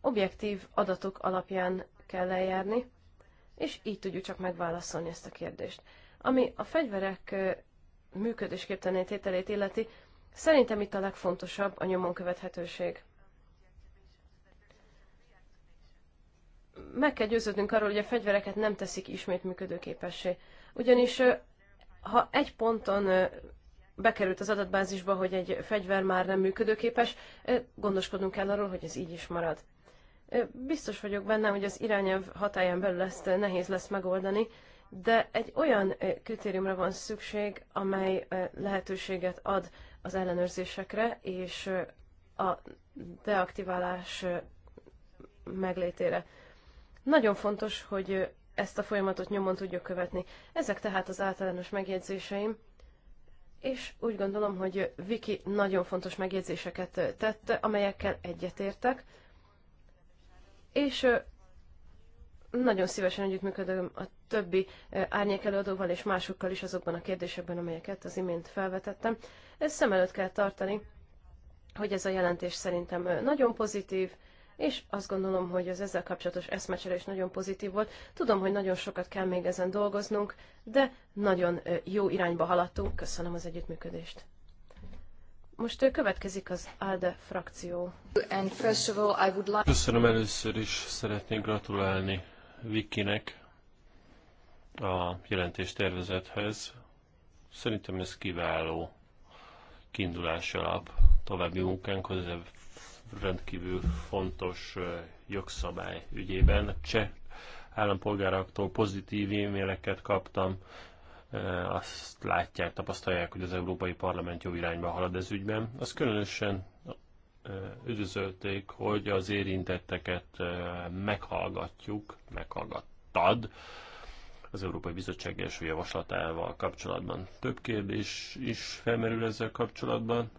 Objektív adatok alapján kell eljárni, és így tudjuk csak megválaszolni ezt a kérdést. Ami a fegyverek működésképtelen tételét illeti, szerintem itt a legfontosabb a nyomon követhetőség. Meg kell győződnünk arról, hogy a fegyvereket nem teszik ismét működőképessé. Ugyanis ha egy ponton bekerült az adatbázisba, hogy egy fegyver már nem működőképes, gondoskodnunk kell arról, hogy ez így is marad. Biztos vagyok benne, hogy az irányelv hatáján belül ezt nehéz lesz megoldani, de egy olyan kritériumra van szükség, amely lehetőséget ad az ellenőrzésekre és a deaktiválás meglétére. Nagyon fontos, hogy ezt a folyamatot nyomon tudjuk követni. Ezek tehát az általános megjegyzéseim, és úgy gondolom, hogy Viki nagyon fontos megjegyzéseket tette, amelyekkel egyetértek, és nagyon szívesen együttműködöm a többi eh, árnyék előadóval és másokkal is azokban a kérdésekben, amelyeket az imént felvetettem. Ezt szem előtt kell tartani, hogy ez a jelentés szerintem eh, nagyon pozitív, és azt gondolom, hogy az ezzel kapcsolatos eszmecsere is nagyon pozitív volt. Tudom, hogy nagyon sokat kell még ezen dolgoznunk, de nagyon eh, jó irányba haladtunk. Köszönöm az együttműködést. Most következik az ALDE frakció. Köszönöm először is, szeretnék gratulálni Vikinek a jelentés tervezethez. Szerintem ez kiváló kiindulási alap további munkánkhoz, ez rendkívül fontos jogszabály ügyében. Cseh állampolgáraktól pozitív e-maileket kaptam, azt látják, tapasztalják, hogy az Európai Parlament jó irányba halad ez ügyben. Az különösen üdvözölték, hogy az érintetteket meghallgatjuk, meghallgattad az Európai Bizottság első javaslatával kapcsolatban. Több kérdés is felmerül ezzel kapcsolatban,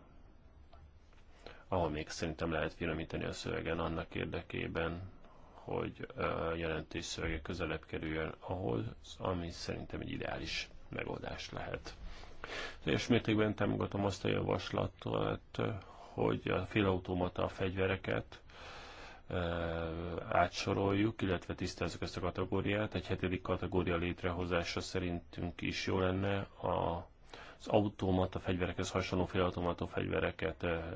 ahol még szerintem lehet finomítani a szövegen annak érdekében, hogy a jelentés szövege közelebb kerüljön ahhoz, ami szerintem egy ideális megoldás lehet. Teljes mértékben támogatom azt a javaslatot, hogy a félautomata fegyvereket e, átsoroljuk, illetve tisztázzuk ezt a kategóriát. Egy hetedik kategória létrehozása szerintünk is jó lenne a az automata fegyverekhez hasonló félautomata fegyvereket e,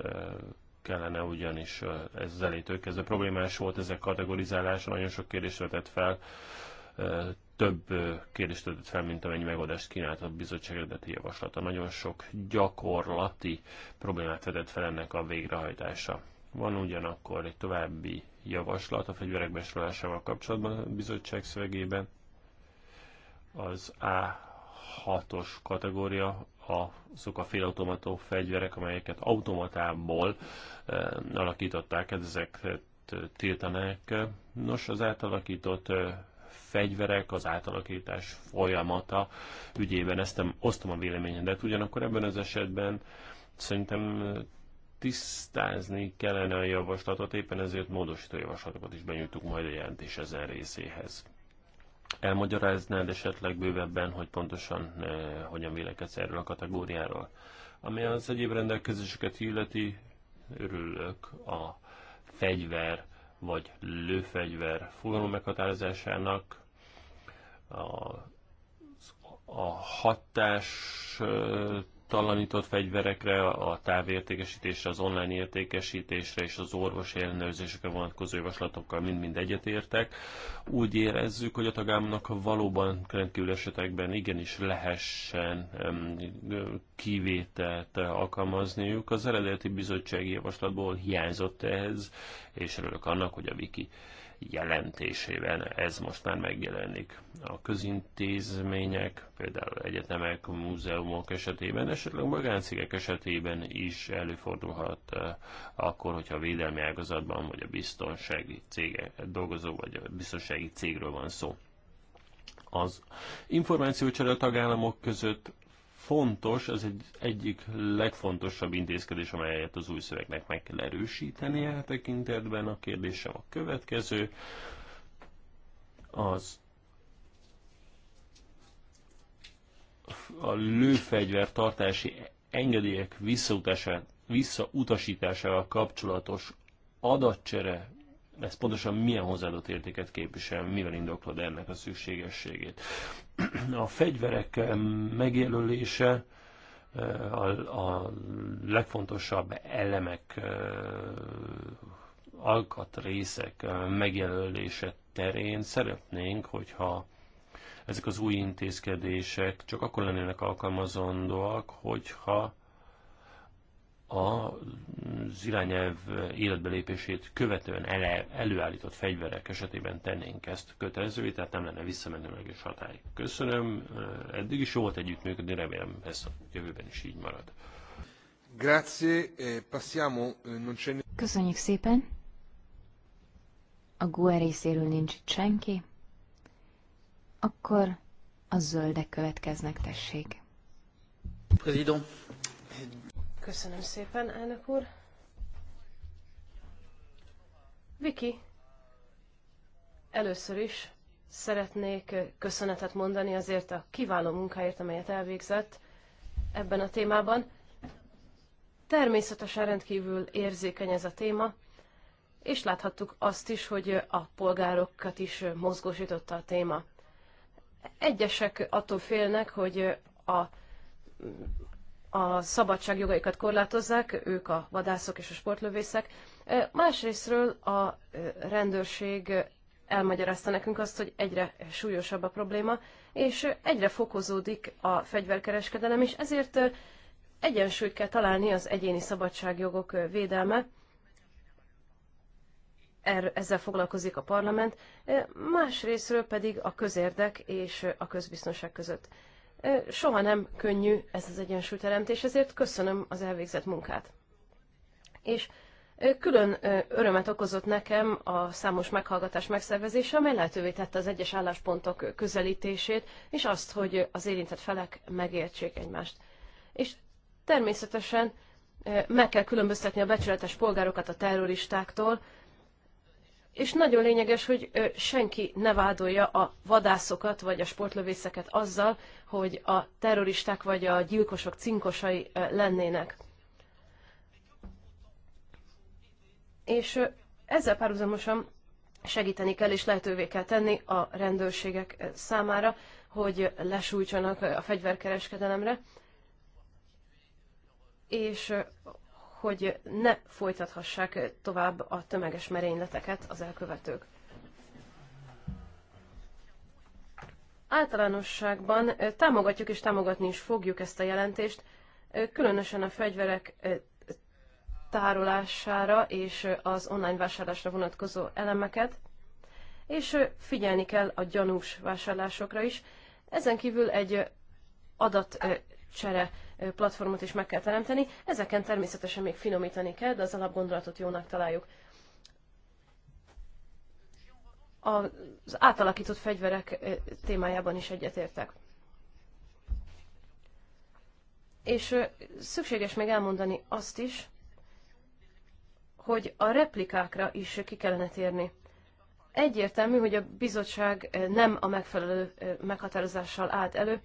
kellene ugyanis e, ez az elétől kezdve problémás volt ezek kategorizálása, nagyon sok kérdést vetett fel több kérdést tett fel, mint amennyi megoldást kínált a bizottság eredeti javaslata. Nagyon sok gyakorlati problémát vetett fel ennek a végrehajtása. Van ugyanakkor egy további javaslat a fegyverek besorolásával kapcsolatban a bizottság szövegében. Az A6-os kategória azok a félautomató fegyverek, amelyeket automatából e, alakították, ezeket tiltanák. Nos, az átalakított e, fegyverek, az átalakítás folyamata ügyében. Ezt nem osztom a véleményedet, hát ugyanakkor ebben az esetben szerintem tisztázni kellene a javaslatot, éppen ezért módosító javaslatokat is benyújtuk majd a jelentés ezen részéhez. Elmagyaráznád esetleg bővebben, hogy pontosan eh, hogyan vélekedsz erről a kategóriáról. Ami az egyéb rendelkezéseket illeti, örülök a fegyver vagy lőfegyver fogalom meghatározásának a, a hatás talanított fegyverekre, a távértékesítésre, az online értékesítésre és az orvosi ellenőrzésekre vonatkozó javaslatokkal mind-mind egyetértek. Úgy érezzük, hogy a tagállamnak valóban rendkívül esetekben igenis lehessen kivételt alkalmazniuk. Az eredeti bizottsági javaslatból hiányzott ehhez, és örülök annak, hogy a Viki jelentésében ez most már megjelenik. A közintézmények, például egyetemek, múzeumok esetében, esetleg magáncégek esetében is előfordulhat eh, akkor, hogyha a védelmi ágazatban vagy a biztonsági cége, dolgozó vagy a biztonsági cégről van szó. Az információcsere tagállamok között fontos, az egy, egyik legfontosabb intézkedés, amelyet az új szövegnek meg kell erősíteni a tekintetben. A kérdésem a következő. Az a lőfegyver tartási engedélyek visszautasításával kapcsolatos adatcsere ez pontosan milyen hozzáadott értéket képvisel, mivel indoklod ennek a szükségességét. [CLEARS THROAT] A fegyverek megjelölése eh, a, a legfontosabb elemek, eh, alkatrészek eh, megjelölése terén szeretnénk, hogyha ezek az új intézkedések csak akkor lennének alkalmazandóak, hogyha az irányelv életbelépését követően ele, előállított fegyverek esetében tennénk ezt kötelezővé, tehát nem lenne visszamenőleges hatály. Köszönöm, eddig is jó volt együttműködni, remélem ez a jövőben is így marad. Grazie, e passiamo, non c'è... Köszönjük szépen. A GUE részéről nincs itt senki. Akkor a zöldek következnek, tessék. Président, eh, Köszönöm szépen, elnök úr. Viki, először is szeretnék köszönetet mondani azért a kiváló munkáért, amelyet elvégzett ebben a témában. Természetesen rendkívül érzékeny ez a téma, és láthattuk azt is, hogy a polgárokat is mozgósította a téma. Egyesek attól félnek, hogy a a szabadságjogaikat korlátozzák, ők a vadászok és a sportlövészek. Másrésztről a rendőrség elmagyarázta nekünk azt, hogy egyre súlyosabb a probléma, és egyre fokozódik a fegyverkereskedelem, és ezért egyensúlyt kell találni az egyéni szabadságjogok védelme, er, ezzel foglalkozik a parlament, másrésztről pedig a közérdek és a közbiztonság között. Soha nem könnyű ez az egyensúlyteremtés, ezért köszönöm az elvégzett munkát. És Külön örömet okozott nekem a számos meghallgatás megszervezése, amely lehetővé tette az egyes álláspontok közelítését, és azt, hogy az érintett felek megértsék egymást. És természetesen meg kell különböztetni a becsületes polgárokat a terroristáktól, és nagyon lényeges, hogy senki ne vádolja a vadászokat vagy a sportlövészeket azzal, hogy a terroristák vagy a gyilkosok cinkosai lennének. És ezzel párhuzamosan segíteni kell és lehetővé kell tenni a rendőrségek számára, hogy lesújtsanak a fegyverkereskedelemre, és hogy ne folytathassák tovább a tömeges merényleteket az elkövetők. Általánosságban támogatjuk és támogatni is fogjuk ezt a jelentést, különösen a fegyverek tárolására és az online vásárlásra vonatkozó elemeket, és figyelni kell a gyanús vásárlásokra is. Ezen kívül egy adatcsere platformot is meg kell teremteni. Ezeken természetesen még finomítani kell, de az alapgondolatot jónak találjuk az átalakított fegyverek témájában is egyetértek. És szükséges még elmondani azt is, hogy a replikákra is ki kellene térni. Egyértelmű, hogy a bizottság nem a megfelelő meghatározással állt elő,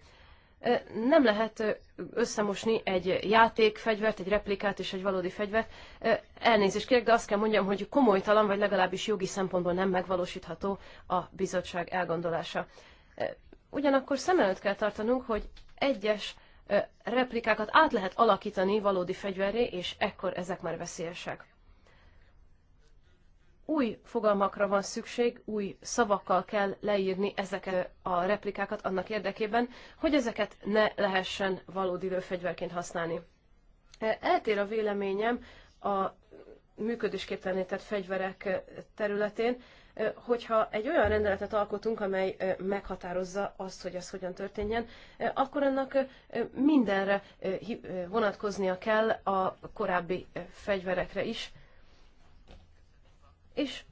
nem lehet összemosni egy játékfegyvert, egy replikát és egy valódi fegyvert. Elnézést kérek, de azt kell mondjam, hogy komolytalan, vagy legalábbis jogi szempontból nem megvalósítható a bizottság elgondolása. Ugyanakkor szem előtt kell tartanunk, hogy egyes replikákat át lehet alakítani valódi fegyverré, és ekkor ezek már veszélyesek új fogalmakra van szükség, új szavakkal kell leírni ezeket a replikákat annak érdekében, hogy ezeket ne lehessen valódi lőfegyverként használni. E, eltér a véleményem a működésképtelenített fegyverek e, területén, e, hogyha egy olyan rendeletet alkotunk, amely meghatározza azt, hogy ez hogyan történjen, akkor annak mindenre vonatkoznia kell a korábbi fegyverekre is, és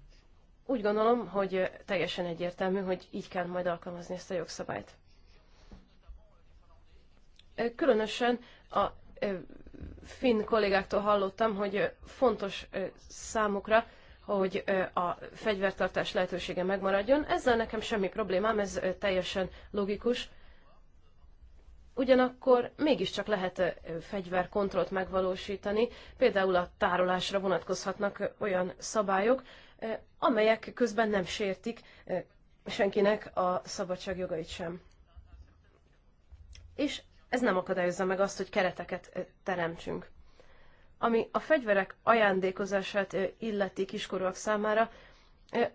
úgy gondolom, hogy teljesen egyértelmű, hogy így kell majd alkalmazni ezt a jogszabályt. Különösen a finn kollégáktól hallottam, hogy fontos számukra, hogy a fegyvertartás lehetősége megmaradjon. Ezzel nekem semmi problémám, ez teljesen logikus, ugyanakkor mégiscsak lehet fegyverkontrollt megvalósítani, például a tárolásra vonatkozhatnak olyan szabályok, amelyek közben nem sértik senkinek a szabadságjogait sem. És ez nem akadályozza meg azt, hogy kereteket teremtsünk. Ami a fegyverek ajándékozását illeti kiskorúak számára,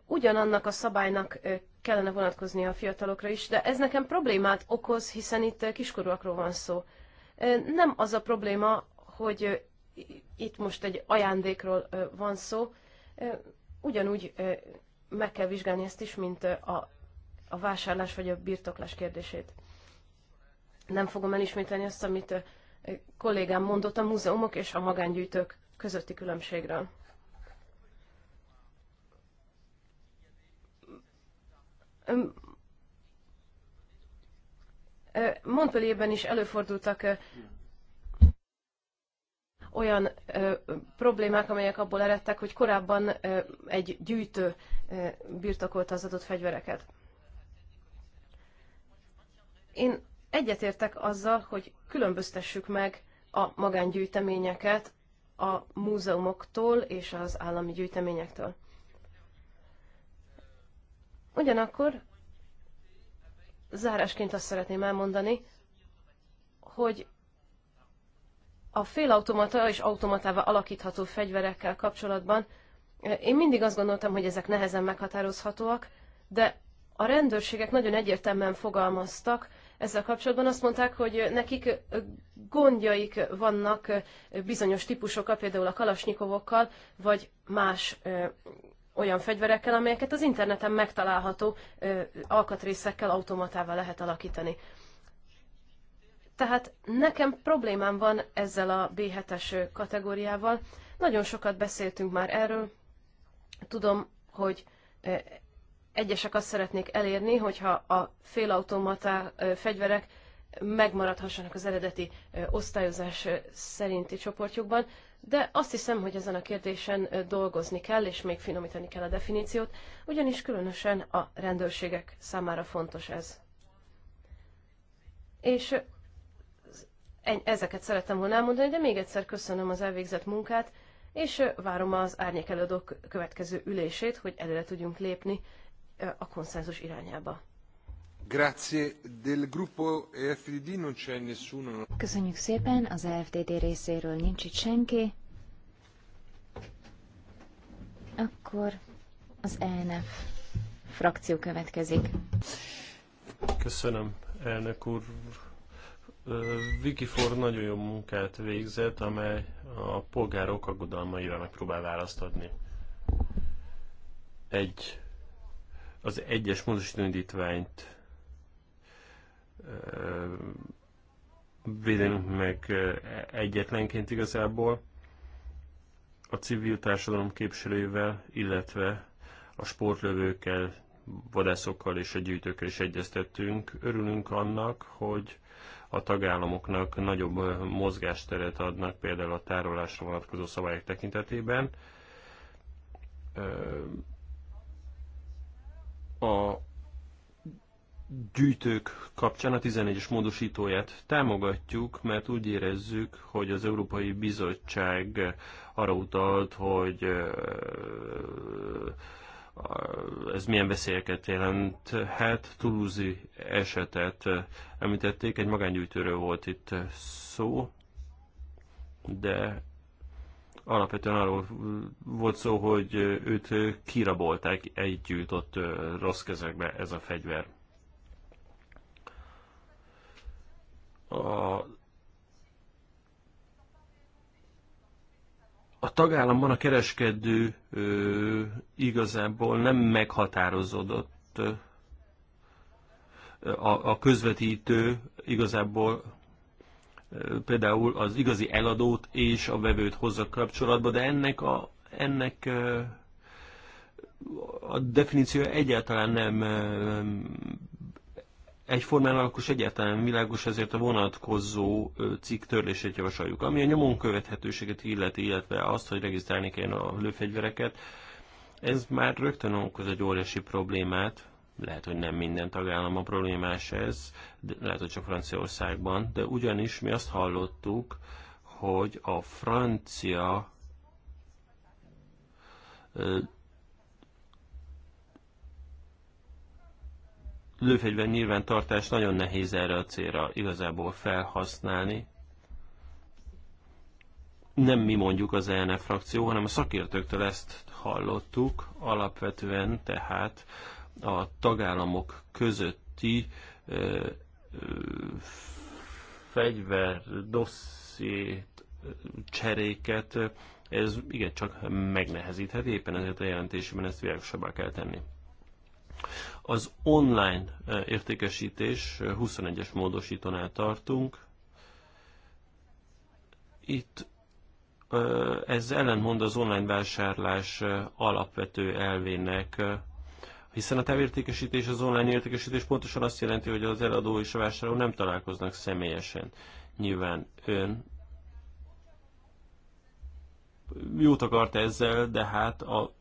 ugyanannak a szabálynak kellene vonatkoznia a fiatalokra is, de ez nekem problémát okoz, hiszen itt kiskorúakról van szó. Nem az a probléma, hogy itt most egy ajándékról van szó, ugyanúgy meg kell vizsgálni ezt is, mint a, a vásárlás vagy a birtoklás kérdését. Nem fogom elismételni azt, amit kollégám mondott a múzeumok és a magángyűjtők közötti különbségről. Montpellierben is előfordultak olyan ö, problémák, amelyek abból eredtek, hogy korábban ö, egy gyűjtő ö, birtokolta az adott fegyvereket. Én egyetértek azzal, hogy különböztessük meg a magángyűjteményeket a múzeumoktól és az állami gyűjteményektől. Ugyanakkor zárásként azt szeretném elmondani, hogy a félautomata és automatává alakítható fegyverekkel kapcsolatban eh, én mindig azt gondoltam, hogy ezek nehezen meghatározhatóak, de a rendőrségek nagyon egyértelműen fogalmaztak ezzel kapcsolatban. Azt mondták, hogy nekik eh, gondjaik vannak eh, bizonyos típusokkal, például a kalasnyikovokkal, vagy más olyan fegyverekkel, amelyeket az interneten megtalálható ö, alkatrészekkel, automatával lehet alakítani. Tehát nekem problémám van ezzel a B7-es kategóriával. Nagyon sokat beszéltünk már erről. Tudom, hogy egyesek azt szeretnék elérni, hogyha a félautomatá fegyverek megmaradhassanak az eredeti osztályozás szerinti csoportjukban de azt hiszem, hogy ezen a kérdésen dolgozni kell, és még finomítani kell a definíciót, ugyanis különösen a rendőrségek számára fontos ez. És ezeket szerettem volna elmondani, de még egyszer köszönöm az elvégzett munkát, és várom az árnyékelődők következő ülését, hogy előre tudjunk lépni a konszenzus irányába. E Köszönjük szépen, az EFDD részéről nincs itt senki. Akkor az ENF frakció következik. Köszönöm, elnök úr. Wikifor nagyon jó munkát végzett, amely a polgárok aggodalmaira megpróbál választ adni. Egy, az egyes módosítóindítványt védenünk meg eh, egyetlenként igazából a civil társadalom képviselőivel, illetve a sportlövőkkel, vadászokkal és a gyűjtőkkel is egyeztettünk. Örülünk annak, hogy a tagállamoknak nagyobb eh, mozgásteret adnak például a tárolásra vonatkozó szabályok tekintetében. Eh, a gyűjtők kapcsán a 14-es módosítóját támogatjuk, mert úgy érezzük, hogy az Európai Bizottság arra utalt, hogy ez milyen veszélyeket jelenthet. Toulouse esetet említették, egy magángyűjtőről volt itt szó, de alapvetően arról volt szó, hogy őt kirabolták, egy gyűjtött rossz kezekbe ez a fegyver. a a tagállamban a kereskedő ö, igazából nem meghatározódott, ö, a, a közvetítő igazából ö, például az igazi eladót és a vevőt hozza kapcsolatba, de ennek a, ennek ö, a definíció egyáltalán nem egyformán, alakos egyáltalán világos, ezért a vonatkozó cikk törlését javasoljuk. Ami a nyomon követhetőséget illeti, illetve azt, hogy regisztrálni kell a lőfegyvereket, ez már rögtön okoz egy óriási problémát, lehet, hogy nem minden tagállam a problémás ez, de lehet, hogy csak Franciaországban, de ugyanis mi azt hallottuk, hogy a francia lőfegyver nyilvántartás nagyon nehéz erre a célra igazából felhasználni. Nem mi mondjuk az ELNE e frakció, hanem a szakértőktől ezt hallottuk. Alapvetően tehát a tagállamok közötti ö, ö, fegyver dossziét, cseréket, ez igen csak megnehezíthet, éppen ezért a jelentésében ezt világosabbá kell tenni. Az online értékesítés 21-es módosítónál tartunk. Itt ez ellentmond az online vásárlás alapvető elvének, hiszen a távértékesítés, az online értékesítés pontosan azt jelenti, hogy az eladó és a vásárló nem találkoznak személyesen. Nyilván ön jót akart ezzel, de hát a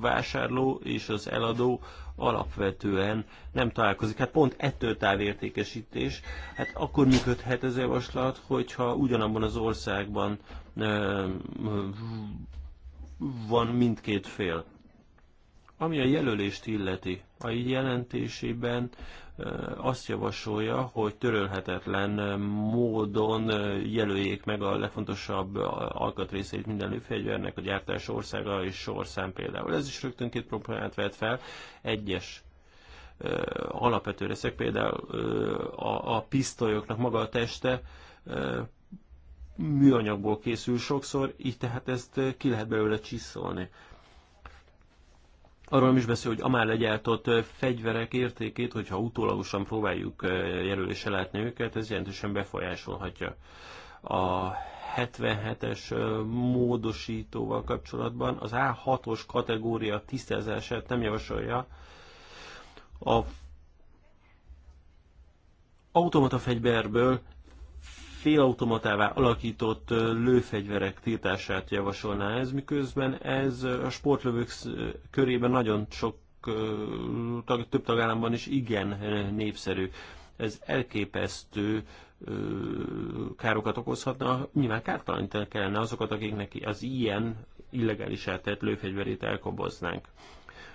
vásárló és az eladó alapvetően nem találkozik. Hát pont ettől távértékesítés. Hát akkor működhet ez a javaslat, hogyha ugyanabban az országban van mindkét fél. Ami a jelölést illeti, a jelentésében azt javasolja, hogy törölhetetlen módon jelöljék meg a legfontosabb alkatrészeit minden lőfegyvernek, a gyártás országa és sorszám például. Ez is rögtön két problémát vet fel. Egyes alapvető részek, például a, pisztolyoknak maga a teste műanyagból készül sokszor, így tehát ezt ki lehet belőle csiszolni. Arról is beszél, hogy már legyártott fegyverek értékét, hogyha utólagosan próbáljuk jelölésre látni őket, ez jelentősen befolyásolhatja. A 77-es módosítóval kapcsolatban az A6-os kategória tisztázását nem javasolja. A automata fegyverből félautomatává alakított lőfegyverek tiltását javasolná ez, miközben ez a sportlövők körében nagyon sok több tagállamban is igen népszerű. Ez elképesztő károkat okozhatna, nyilván kártalanítani kellene azokat, akiknek az ilyen illegális eltett lőfegyverét elkoboznánk.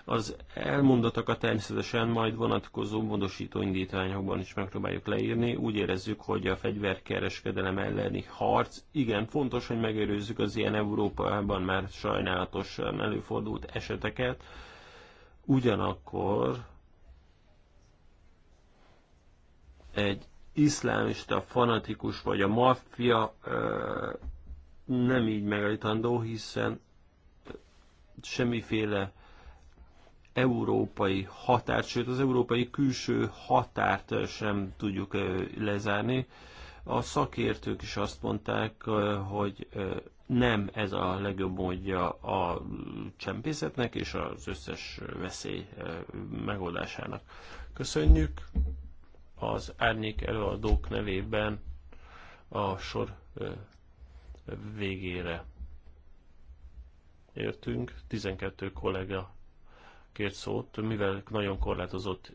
Az elmondatokat természetesen majd vonatkozó módosító indítványokban is megpróbáljuk leírni. Úgy érezzük, hogy a fegyverkereskedelem elleni harc, igen, fontos, hogy megőrizzük az ilyen Európában már sajnálatosan um, előfordult eseteket, ugyanakkor egy iszlámista fanatikus vagy a maffia uh, nem így megállítandó, hiszen semmiféle európai határt, sőt az európai külső határt eh, sem tudjuk eh, lezárni. A szakértők is azt mondták, eh, hogy nem ez a legjobb módja a csempészetnek és az összes veszély megoldásának. Köszönjük az árnyék előadók nevében a sor végére értünk. 12 kollega két szót, mivel nagyon korlátozott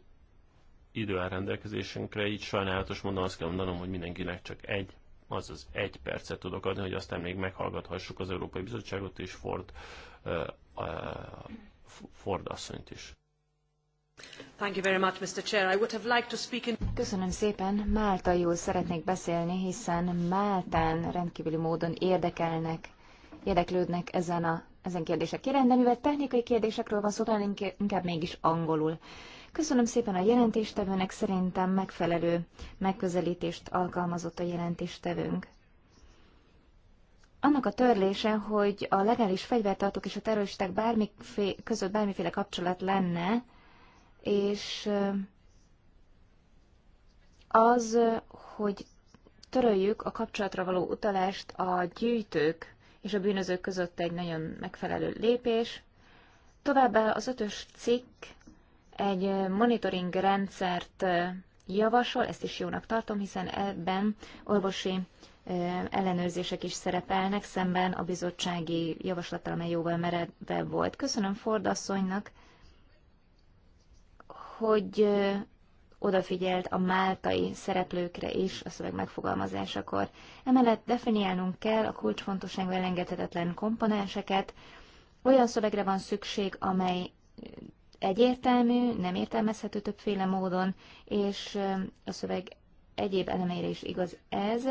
idő áll rendelkezésünkre, így sajnálatos mondom, azt kell mondanom, hogy mindenkinek csak egy, azaz egy percet tudok adni, hogy aztán még meghallgathassuk az Európai Bizottságot és Ford, uh, uh, Ford asszonyt is. Thank you very much, Mr. Chair. I would have liked to speak in... Köszönöm szépen. Máltaiul szeretnék beszélni, hiszen Máltán rendkívüli módon érdekelnek, érdeklődnek ezen a ezen kérdések iránt, de mivel technikai kérdésekről van szó, talán inkább mégis angolul. Köszönöm szépen a jelentéstevőnek, szerintem megfelelő megközelítést alkalmazott a jelentéstevőnk. Annak a törlése, hogy a legális fegyvertartók és a terroristák bármi között bármiféle kapcsolat lenne, és az, hogy töröljük a kapcsolatra való utalást a gyűjtők és a bűnözők között egy nagyon megfelelő lépés. Továbbá az ötös cikk egy monitoring rendszert javasol, ezt is jónak tartom, hiszen ebben orvosi ellenőrzések is szerepelnek, szemben a bizottsági javaslattal, amely jóval merevebb volt. Köszönöm Ford asszonynak, hogy odafigyelt a máltai szereplőkre is a szöveg megfogalmazásakor. Emellett definiálnunk kell a kulcsfontosságú elengedhetetlen komponenseket. Olyan szövegre van szükség, amely egyértelmű, nem értelmezhető többféle módon, és a szöveg egyéb elemeire is igaz ez,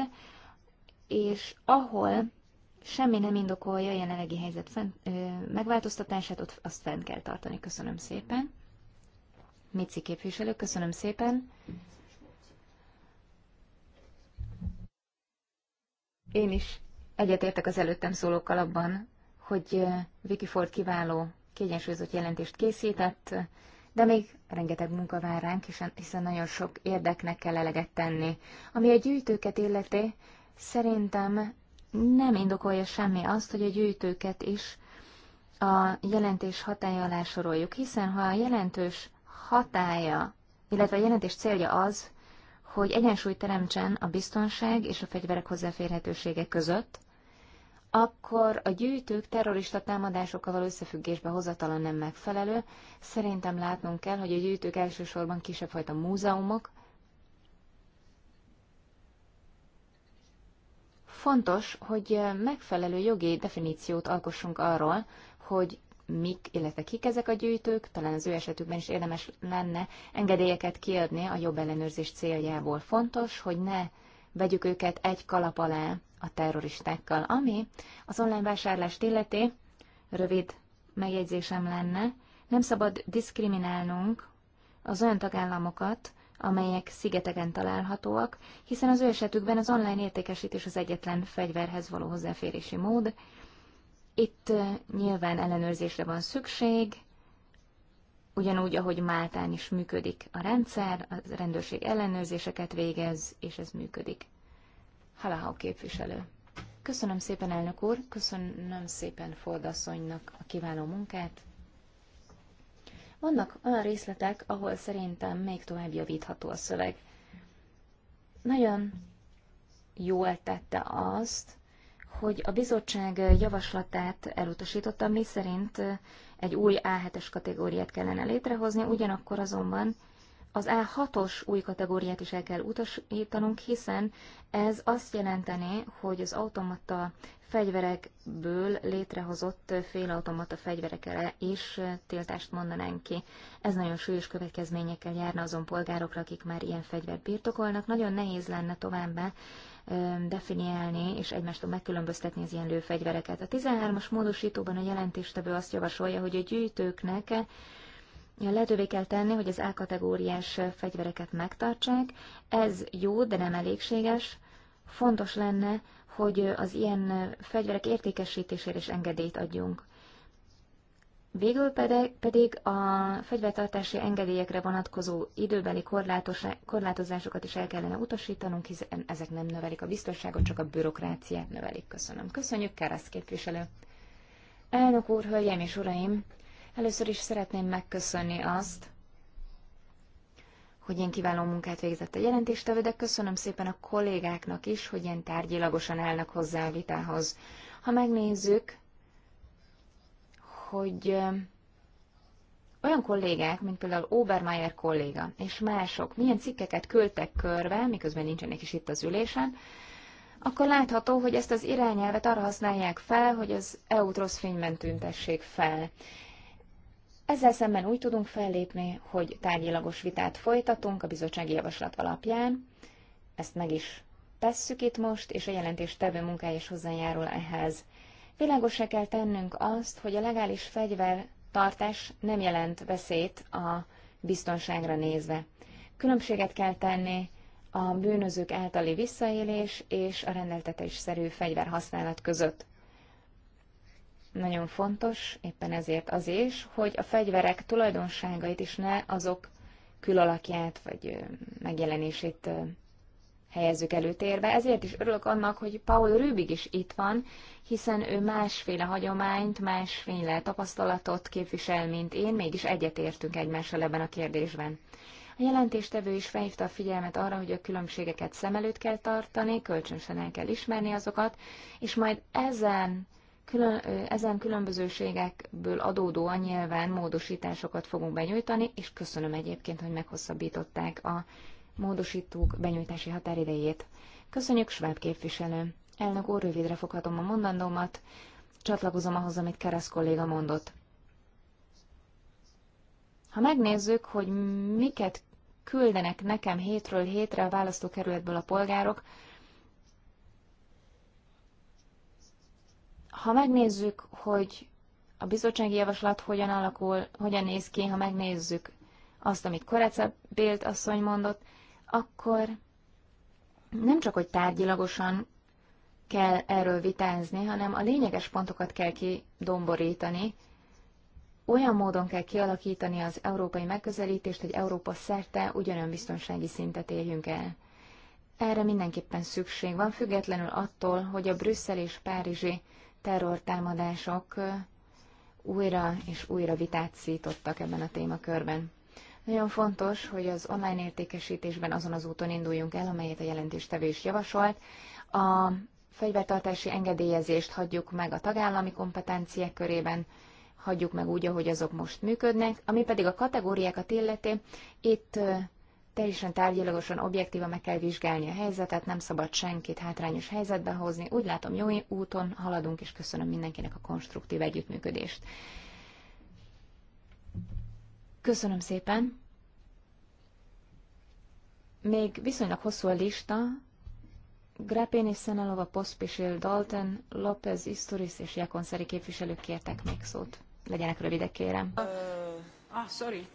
és ahol semmi nem indokolja a jelenlegi helyzet fent, ö, megváltoztatását, ott azt fent kell tartani. Köszönöm szépen. Mici képviselő, köszönöm szépen. Én is egyetértek az előttem szólókkal abban, hogy eh, Vicky Ford kiváló, kiegyensúlyozott jelentést készített, de még rengeteg munka vár ránk, hiszen nagyon sok érdeknek kell eleget tenni. Ami a gyűjtőket illeti, szerintem nem indokolja semmi azt, hogy a gyűjtőket is a jelentés hatája alá soroljuk, hiszen ha a jelentős hatája, illetve a jelentés célja az, hogy egyensúly teremtsen a biztonság és a fegyverek hozzáférhetősége között, akkor a gyűjtők terrorista támadásokkal való összefüggésbe hozatala nem megfelelő. Szerintem látnunk kell, hogy a gyűjtők elsősorban kisebb fajta múzeumok. Fontos, hogy megfelelő jogi definíciót alkossunk arról, hogy mik, illetve kik ezek a gyűjtők, talán az ő esetükben is érdemes lenne engedélyeket kiadni a jobb ellenőrzés céljából. Fontos, hogy ne vegyük őket egy kalap alá a terroristákkal, ami az online vásárlást illeti, rövid megjegyzésem lenne, nem szabad diszkriminálnunk az olyan tagállamokat, amelyek szigetegen találhatóak, hiszen az ő esetükben az online értékesítés az egyetlen fegyverhez való hozzáférési mód, itt eh, nyilván ellenőrzésre van szükség, ugyanúgy, ahogy Máltán is működik a rendszer, a rendőrség ellenőrzéseket végez, és ez működik. Halahau képviselő. Köszönöm szépen, elnök úr, köszönöm szépen Fordasszonynak a kiváló munkát. Vannak olyan részletek, ahol szerintem még tovább javítható a szöveg. Nagyon jól tette azt, hogy a bizottság javaslatát elutasította, mi szerint egy új A7-es kategóriát kellene létrehozni, ugyanakkor azonban az A6-os új kategóriát is el kell utasítanunk, hiszen ez azt jelentené, hogy az automata fegyverekből létrehozott félautomata fegyverekre is tiltást mondanánk ki. Ez nagyon súlyos következményekkel járna azon polgárokra, akik már ilyen fegyvert birtokolnak. Nagyon nehéz lenne továbbá definiálni és egymástól megkülönböztetni az ilyen lőfegyvereket. A 13-as módosítóban a jelentéstevő azt javasolja, hogy a gyűjtőknek lehetővé kell tenni, hogy az A-kategóriás fegyvereket megtartsák. Ez jó, de nem elégséges. Fontos lenne, hogy az ilyen fegyverek értékesítésére is engedélyt adjunk. Végül pedig a fegyvertartási engedélyekre vonatkozó időbeli korlátozásokat is el kellene utasítanunk, hiszen ezek nem növelik a biztonságot, csak a bürokráciát növelik. Köszönöm. Köszönjük, Kárász képviselő. Elnök úr, hölgyeim és uraim, először is szeretném megköszönni azt, hogy ilyen kiváló munkát végzett a jelentéstevő, de köszönöm szépen a kollégáknak is, hogy ilyen tárgyilagosan állnak hozzá a vitához. Ha megnézzük, hogy olyan kollégák, mint például Obermeier kolléga és mások milyen cikkeket küldtek körbe, miközben nincsenek is itt az ülésen, akkor látható, hogy ezt az irányelvet arra használják fel, hogy az EU-t rossz fényben tüntessék fel. Ezzel szemben úgy tudunk fellépni, hogy tárgyilagos vitát folytatunk a bizottsági javaslat alapján. Ezt meg is tesszük itt most, és a jelentés tevő munkája is hozzájárul ehhez. Világosra kell tennünk azt, hogy a legális fegyvertartás tartás nem jelent veszélyt a biztonságra nézve. Különbséget kell tenni a bűnözők általi visszaélés és a rendeltetésszerű fegyverhasználat között. Nagyon fontos, éppen ezért az is, hogy a fegyverek tulajdonságait is ne azok külalakját vagy megjelenését helyezzük előtérbe. Ezért is örülök annak, hogy Paul Rübig is itt van, hiszen ő másféle hagyományt, másféle tapasztalatot képvisel, mint én, mégis egyetértünk egymással ebben a kérdésben. A jelentéstevő is felhívta a figyelmet arra, hogy a különbségeket szem előtt kell tartani, kölcsönösen el kell ismerni azokat, és majd ezen, külön, ezen különbözőségekből adódóan nyilván módosításokat fogunk benyújtani, és köszönöm egyébként, hogy meghosszabbították a módosítók benyújtási határidejét. Köszönjük, Schwab képviselő. Elnök úr, rövidre foghatom a mondandómat, csatlakozom ahhoz, amit Kereszt kolléga mondott. Ha megnézzük, hogy miket küldenek nekem hétről hétre a választókerületből a polgárok, ha megnézzük, hogy a bizottsági javaslat hogyan alakul, hogyan néz ki, ha megnézzük azt, amit Koreca Bélt asszony mondott, akkor nem csak, hogy tárgyilagosan kell erről vitázni, hanem a lényeges pontokat kell kidomborítani, olyan módon kell kialakítani az európai megközelítést, hogy Európa szerte ugyanolyan biztonsági szintet éljünk el. Erre mindenképpen szükség van, függetlenül attól, hogy a brüsszel és párizsi terrortámadások újra és újra vitát szítottak ebben a témakörben. Nagyon fontos, hogy az online értékesítésben azon az úton induljunk el, amelyet a jelentéstevő is javasolt. A fegyvertartási engedélyezést hagyjuk meg a tagállami kompetenciák körében, hagyjuk meg úgy, ahogy azok most működnek. Ami pedig a kategóriákat illeti, itt teljesen tárgyalagosan, objektívan meg kell vizsgálni a helyzetet, nem szabad senkit hátrányos helyzetbe hozni. Úgy látom, jó úton haladunk, és köszönöm mindenkinek a konstruktív együttműködést. Köszönöm szépen. Még viszonylag hosszú a lista. Grapéni, Szenalova, Pospisil, Dalton, López, Istoris és Jakonszeri képviselők kértek még szót. Legyenek rövidek, kérem. Uh, ah, sorry.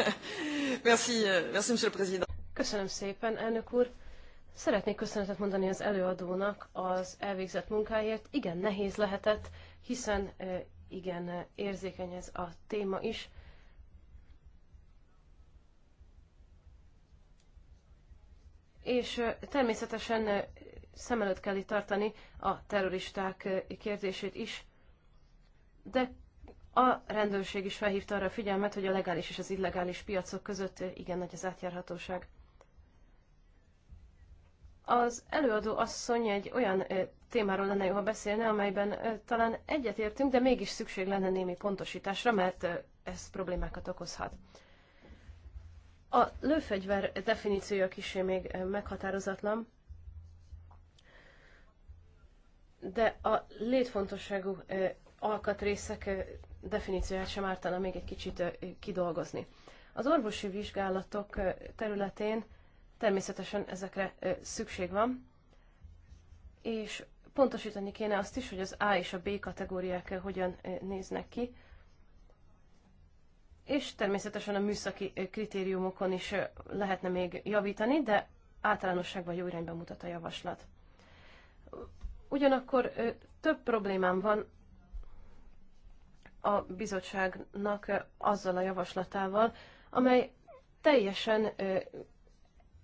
[LAUGHS] merci, euh, merci, monsieur le président. Köszönöm szépen, elnök úr. Szeretnék köszönetet mondani az előadónak az elvégzett munkáért. Igen, nehéz lehetett, hiszen igen, érzékeny ez a téma is és természetesen szem előtt kell itt tartani a terroristák kérdését is, de a rendőrség is felhívta arra a figyelmet, hogy a legális és az illegális piacok között igen nagy az átjárhatóság. Az előadó asszony egy olyan témáról lenne jó, ha beszélne, amelyben talán egyetértünk, de mégis szükség lenne némi pontosításra, mert ez problémákat okozhat. A lőfegyver definíciója kisé még eh, meghatározatlan, de a létfontosságú eh, alkatrészek eh, definícióját sem ártana még egy kicsit kidolgozni. Az orvosi vizsgálatok területén természetesen ezekre szükség van, és pontosítani kéne azt is, hogy az A és a B kategóriák hogyan néznek ki, és természetesen a műszaki kritériumokon is lehetne még javítani, de általánosságban jó irányba mutat a javaslat. Ugyanakkor több problémám van a bizottságnak azzal a javaslatával, amely teljesen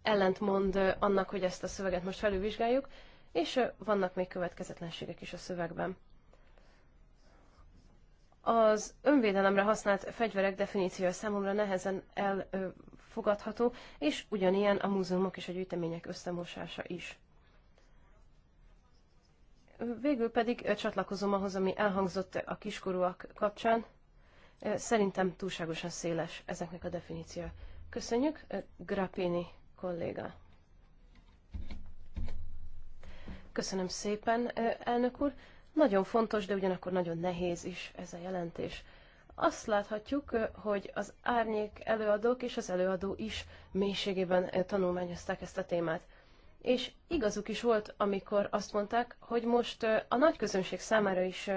ellentmond annak, hogy ezt a szöveget most felülvizsgáljuk, és vannak még következetlenségek is a szövegben. Az önvédelemre használt fegyverek definíciója számomra nehezen elfogadható, és ugyanilyen a múzeumok és a gyűjtemények összemosása is. Végül pedig csatlakozom ahhoz, ami elhangzott a kiskorúak kapcsán. Szerintem túlságosan széles ezeknek a definíciója. Köszönjük, Grappini kolléga. Köszönöm szépen, elnök úr. Nagyon fontos, de ugyanakkor nagyon nehéz is ez a jelentés. Azt láthatjuk, hogy az árnyék előadók és az előadó is mélységében tanulmányozták ezt a témát. És igazuk is volt, amikor azt mondták, hogy most a nagy közönség számára is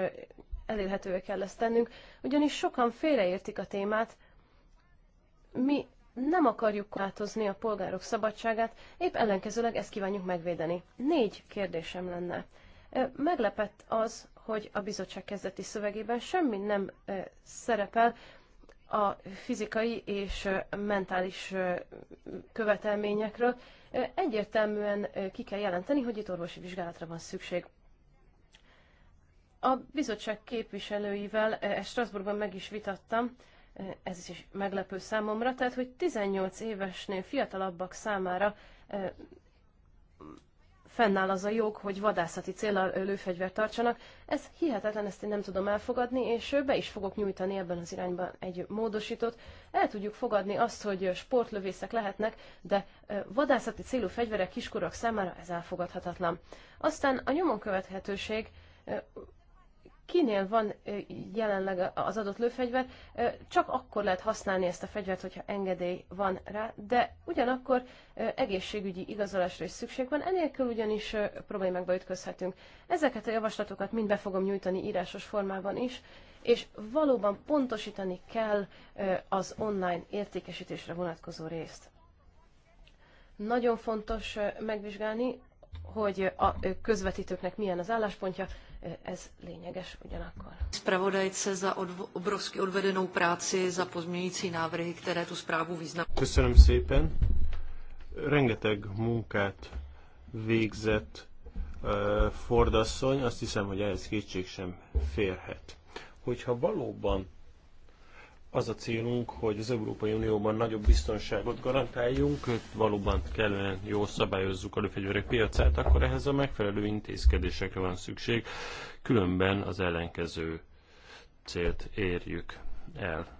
elérhetővé kell ezt tennünk, ugyanis sokan félreértik a témát. Mi nem akarjuk korlátozni a polgárok szabadságát, épp ellenkezőleg ezt kívánjuk megvédeni. Négy kérdésem lenne. Meglepett az, hogy a bizottság kezdeti szövegében semmi nem szerepel a fizikai és mentális követelményekről. Egyértelműen ki kell jelenteni, hogy itt orvosi vizsgálatra van szükség. A bizottság képviselőivel e Strasbourgban meg is vitattam, ez is meglepő számomra, tehát hogy 18 évesnél fiatalabbak számára fennáll az a jog, hogy vadászati célra lőfegyvert tartsanak. Ez hihetetlen, ezt én nem tudom elfogadni, és be is fogok nyújtani ebben az irányban egy módosítót. El tudjuk fogadni azt, hogy sportlövészek lehetnek, de vadászati célú fegyverek kiskorok számára ez elfogadhatatlan. Aztán a nyomon követhetőség kinél van jelenleg az adott lőfegyver, csak akkor lehet használni ezt a fegyvert, hogyha engedély van rá, de ugyanakkor egészségügyi igazolásra is szükség van, enélkül ugyanis problémákba ütközhetünk. Ezeket a javaslatokat mind be fogom nyújtani írásos formában is, és valóban pontosítani kell az online értékesítésre vonatkozó részt. Nagyon fontos megvizsgálni hogy a közvetítőknek milyen az álláspontja, ez lényeges ugyanakkor. Spravodajce za odv- obrovsky odvedenou práci, za pozměňující návrhy, které tu zprávu význam. Köszönöm szépen. Rengeteg munkát végzett uh, eh, Fordasszony, azt hiszem, hogy ehhez kétség sem férhet. Hogyha valóban az a célunk, hogy az Európai Unióban nagyobb biztonságot garantáljunk, valóban kellően jól szabályozzuk a lőfegyverek piacát, akkor ehhez a megfelelő intézkedésekre van szükség, különben az ellenkező célt érjük el.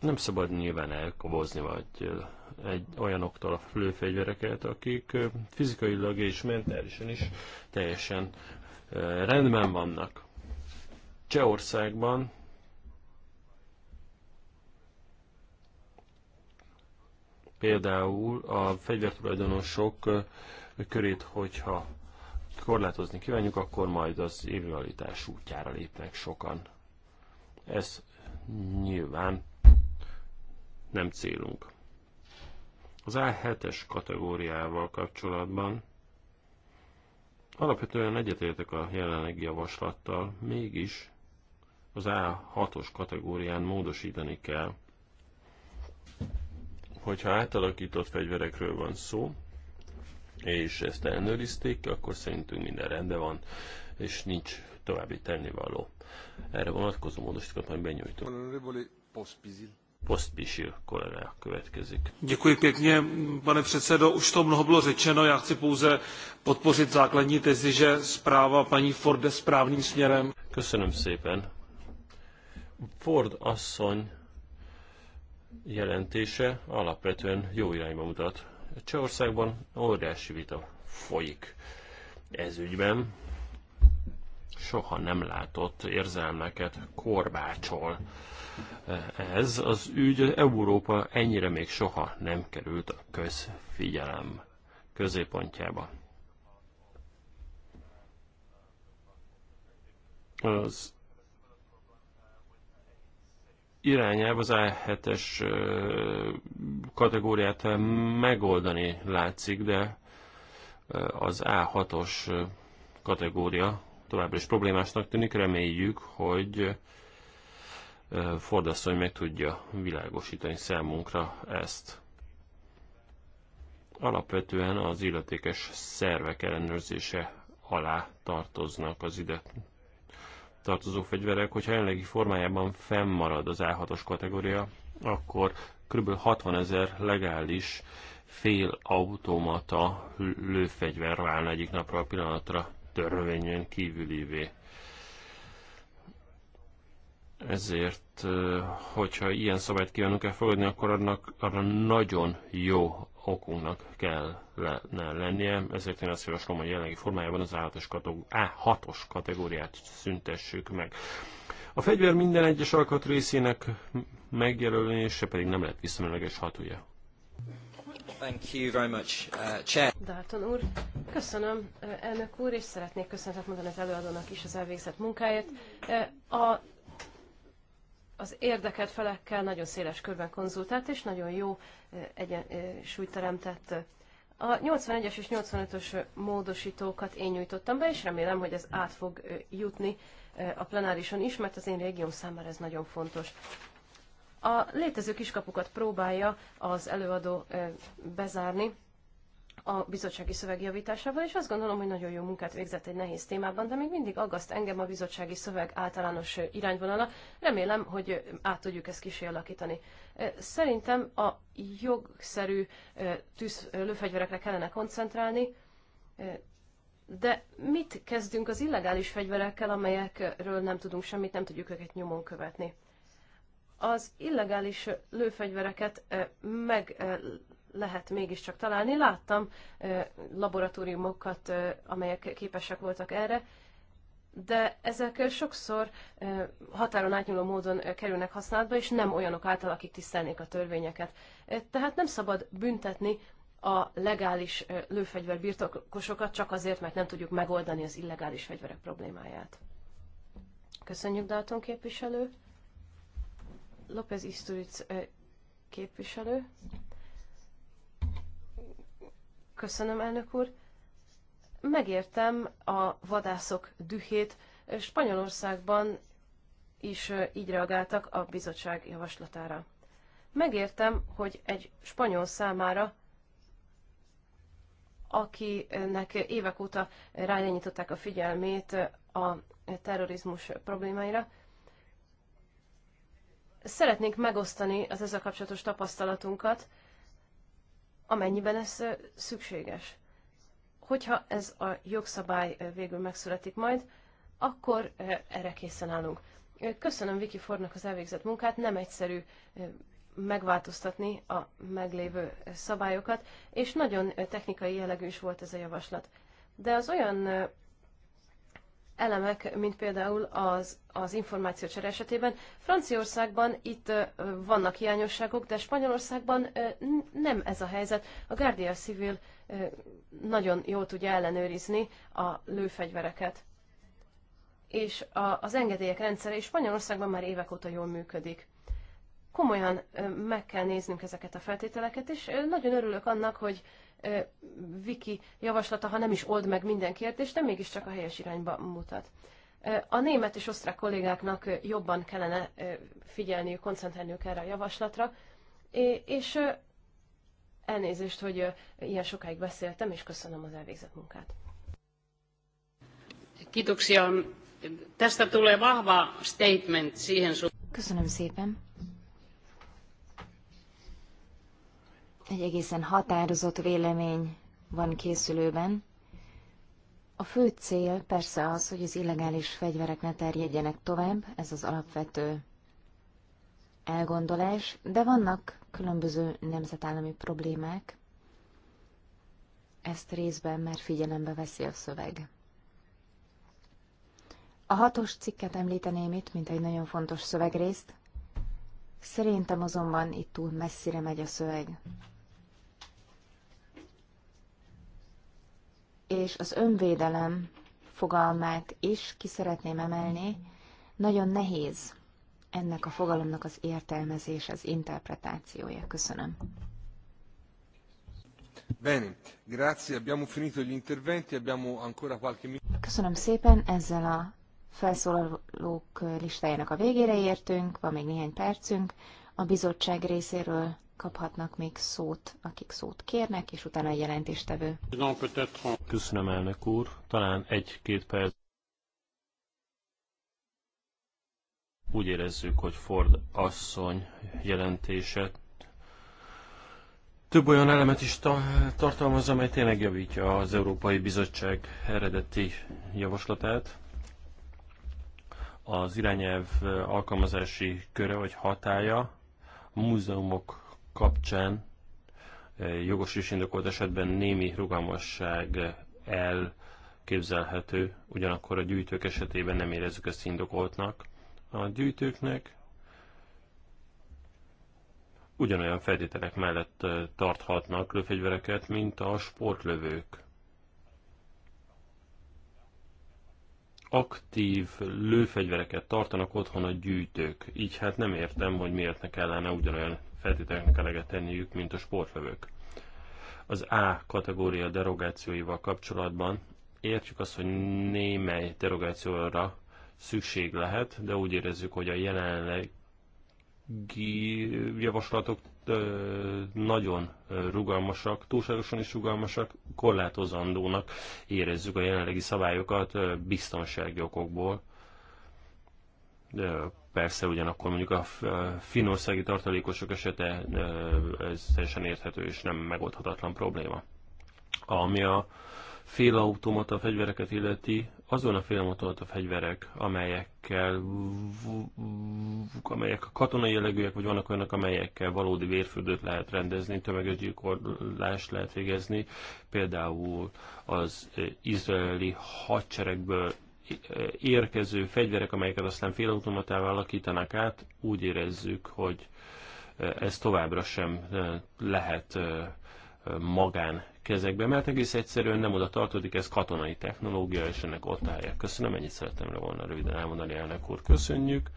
Nem szabad nyilván elkobozni, vagy egy olyanoktól a lőfegyvereket, akik fizikailag és mentálisan is teljesen rendben vannak. Csehországban például a fegyvertulajdonosok körét, hogyha korlátozni kívánjuk, akkor majd az évrealitás útjára lépnek sokan. Ez nyilván nem célunk. Az A7-es kategóriával kapcsolatban alapvetően egyetértek a jelenlegi javaslattal, mégis az A6-os kategórián módosítani kell hogyha átalakított fegyverekről van szó, és ezt ellenőrizték, akkor szerintünk minden rendben van, és nincs további tennivaló. Erre vonatkozó módosítokat majd benyújtunk. Postpisil kolera következik. Děkuji pěkně, pane předsedo. Už to mnoho bylo řečeno, já chci pouze podpořit základní tezi, že zpráva paní Ford jde správným směrem. Köszönöm szépen. Ford asszony jelentése alapvetően jó irányba mutat. Csehországban óriási vita folyik ez ügyben. Soha nem látott érzelmeket korbácsol. Eh, ez az ügy Európa ennyire még soha nem került a közfigyelem középpontjába. Az irányába az A7-es kategóriát megoldani látszik, de az A6-os kategória továbbra is problémásnak tűnik. Reméljük, hogy Fordasszony meg tudja világosítani számunkra ezt. Alapvetően az illetékes szervek ellenőrzése alá tartoznak az ide tartozó fegyverek, hogyha jelenlegi formájában fennmarad az A6-os kategória, akkor kb. 60 ezer legális félautomata lőfegyver válna egyik napra a pillanatra törvényen kívülivé. Ezért, hogyha ilyen szabályt kívánunk elfogadni, akkor annak arra nagyon jó okunknak le, lennie, ezért én azt javaslom, hogy jelenlegi formájában az A6-os kategóriát szüntessük meg. A fegyver minden egyes alkatrészének megjelölése pedig nem lett visszamenőleges hatúja. Thank you very much, uh, Chair. Dalton úr, köszönöm uh, elnök úr, és szeretnék köszönetet mondani az előadónak is az elvégzett munkáért. Uh, a az érdeket felekkel nagyon széles körben konzultált, és nagyon jó egyensúlyt teremtett. A 81-es és 85-ös módosítókat én nyújtottam be, és remélem, hogy ez át fog jutni a plenárison is, mert az én régióm számára ez nagyon fontos. A létező kiskapukat próbálja az előadó bezárni, a bizottsági szöveg javításával, és azt gondolom, hogy nagyon jó munkát végzett egy nehéz témában, de még mindig aggaszt engem a bizottsági szöveg általános irányvonala. Remélem, hogy át tudjuk ezt kisé alakítani. Szerintem a jogszerű tűz lőfegyverekre kellene koncentrálni, de mit kezdünk az illegális fegyverekkel, amelyekről nem tudunk semmit, nem tudjuk őket nyomon követni? Az illegális lőfegyvereket meg lehet mégiscsak találni. Láttam laboratóriumokat, amelyek képesek voltak erre, de ezek sokszor határon átnyúló módon kerülnek használatba, és nem olyanok által, akik tisztelnék a törvényeket. Tehát nem szabad büntetni a legális lőfegyver birtokosokat csak azért, mert nem tudjuk megoldani az illegális fegyverek problémáját. Köszönjük, Dalton képviselő. López Isturic képviselő. Köszönöm, elnök úr. Megértem a vadászok dühét. Spanyolországban is így reagáltak a bizottság javaslatára. Megértem, hogy egy spanyol számára, akinek évek óta rányitották a figyelmét a terrorizmus problémáira, szeretnénk megosztani az ezzel kapcsolatos tapasztalatunkat, amennyiben ez szükséges. Hogyha ez a jogszabály végül megszületik majd, akkor erre készen állunk. Köszönöm Viki Fordnak az elvégzett munkát, nem egyszerű megváltoztatni a meglévő szabályokat, és nagyon technikai jellegű is volt ez a javaslat. De az olyan elemek, mint például az, az információcsere esetében. Franciaországban itt vannak hiányosságok, de Spanyolországban nem ez a helyzet. A Guardia Civil nagyon jól tudja ellenőrizni a lőfegyvereket. És a, az engedélyek rendszere is Spanyolországban már évek óta jól működik. Komolyan meg kell néznünk ezeket a feltételeket, és nagyon örülök annak, hogy Viki javaslata, ha nem is old meg minden kérdést, de mégiscsak a helyes irányba mutat. A német és osztrák kollégáknak jobban kellene figyelniük, koncentrálniuk erre a javaslatra, és elnézést, hogy ilyen sokáig beszéltem, és köszönöm az elvégzett munkát. Kiitoksia. Tästä tulee vahva statement siihen Köszönöm szépen. Egy egészen határozott vélemény van készülőben. A fő cél persze az, hogy az illegális fegyverek ne terjedjenek tovább, ez az alapvető elgondolás, de vannak különböző nemzetállami problémák. Ezt részben már figyelembe veszi a szöveg. A hatos cikket említeném itt, mint egy nagyon fontos szövegrészt. Szerintem azonban itt túl messzire megy a szöveg. és az önvédelem fogalmát is ki szeretném emelni. Nagyon nehéz ennek a fogalomnak az értelmezés, az interpretációja. Köszönöm. Bene, grazie, abbiamo finito gli interventi, abbiamo ancora qualche minuto. Köszönöm szépen, ezzel a felszólalók listájának a végére értünk, van még néhány percünk. A bizottság részéről kaphatnak még szót, akik szót kérnek, és utána a jelentéstevő. Köszönöm, elnök úr. Talán egy-két perc. Úgy érezzük, hogy Ford asszony jelentése több olyan elemet is ta- tartalmaz, amely tényleg javítja az Európai Bizottság eredeti javaslatát. Az irányelv alkalmazási köre vagy hatája a múzeumok kapcsán e, jogos és indokolt esetben némi rugalmasság elképzelhető, ugyanakkor a gyűjtők esetében nem érezzük ezt indokoltnak. A gyűjtőknek ugyanolyan feltételek mellett e, tarthatnak lőfegyvereket, mint a sportlövők. Aktív lőfegyvereket tartanak otthon a gyűjtők, így hát nem értem, hogy miért ne kellene ugyanolyan feltételeknek eleget tenniük, mint a sportlövők. Az A kategória derogációival kapcsolatban értjük azt, hogy némely derogációra szükség lehet, de úgy érezzük, hogy a jelenlegi javaslatok nagyon rugalmasak, túlságosan is rugalmasak, korlátozandónak érezzük a jelenlegi szabályokat biztonsági okokból. De Persze ugyanakkor mondjuk a finországi tartalékosok esete ez teljesen érthető és nem megoldhatatlan probléma. Ami a félautomata fegyvereket illeti, azon a félautomata fegyverek, amelyekkel, amelyek a katonai jellegűek, vagy vannak olyanok, amelyekkel valódi vérfürdőt lehet rendezni, tömeges gyilkolást lehet végezni, például az izraeli hadseregből érkező fegyverek, amelyeket aztán félautomatává alakítanak át, úgy érezzük, hogy ez továbbra sem lehet magán kezekbe, mert egész egyszerűen nem oda tartodik, ez katonai technológia, és ennek ott állják. Köszönöm, ennyit szerettem volna röviden elmondani, elnök úr, köszönjük.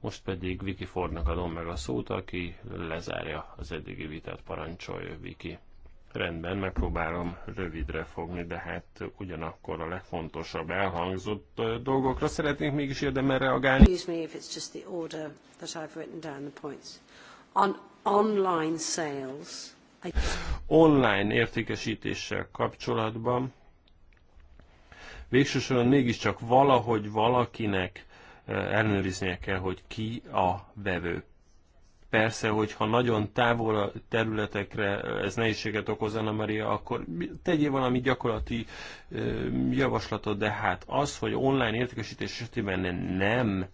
Most pedig Viki Fordnak adom meg a szót, aki lezárja az eddigi vitát, parancsolja Viki. Rendben, megpróbálom rövidre fogni, de hát ugyanakkor a legfontosabb elhangzott dolgokra szeretnénk mégis érdemben reagálni. Excuse me if it's just the order that I've written down the points. On online sales. I... Online értékesítéssel kapcsolatban végsősorban mégiscsak valahogy valakinek ellenőriznie kell, hogy ki a vevő. Persze, hogyha nagyon távol a területekre ez nehézséget okoz, Anna Maria, akkor tegyél valami gyakorlati javaslatot, de hát az, hogy online értékesítés esetében nem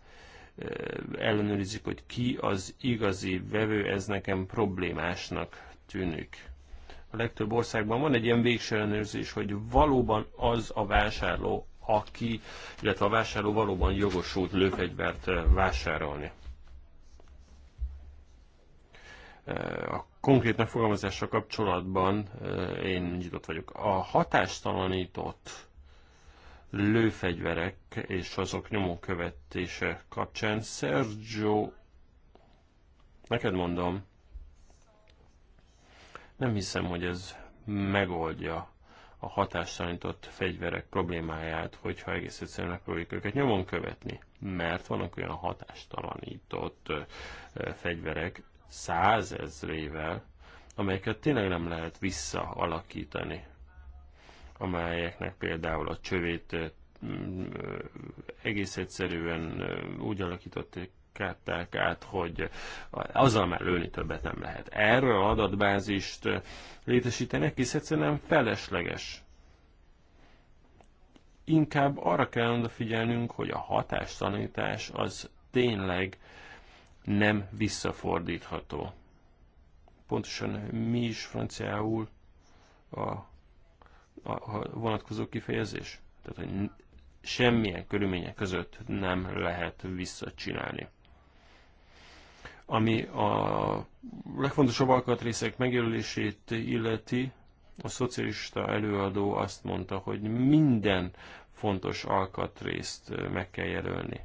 ellenőrizik, hogy ki az igazi vevő, ez nekem problémásnak tűnik. A legtöbb országban van egy ilyen végső ellenőrzés, hogy valóban az a vásárló, aki, illetve a vásárló valóban jogosult lőfegyvert vásárolni a konkrét megfogalmazással kapcsolatban én nyitott vagyok. A hatástalanított lőfegyverek és azok nyomókövetése kapcsán Sergio, neked mondom, nem hiszem, hogy ez megoldja a hatástalanított fegyverek problémáját, hogyha egész egyszerűen megpróbáljuk őket nyomon követni. Mert vannak olyan hatástalanított fegyverek, százezrével, amelyeket tényleg nem lehet visszaalakítani, amelyeknek például a csövét egész egyszerűen úgy alakították katták át, hogy azzal már lőni többet nem lehet. Erről adatbázist létesítenek, hisz egyszerűen felesleges. Inkább arra kell odafigyelnünk, hogy a hatástanítás az tényleg nem visszafordítható. Pontosan mi is franciául a, a, a vonatkozó kifejezés? Tehát, hogy semmilyen körülmények között nem lehet visszacsinálni. Ami a legfontosabb alkatrészek megjelölését illeti, a szocialista előadó azt mondta, hogy minden fontos alkatrészt meg kell jelölni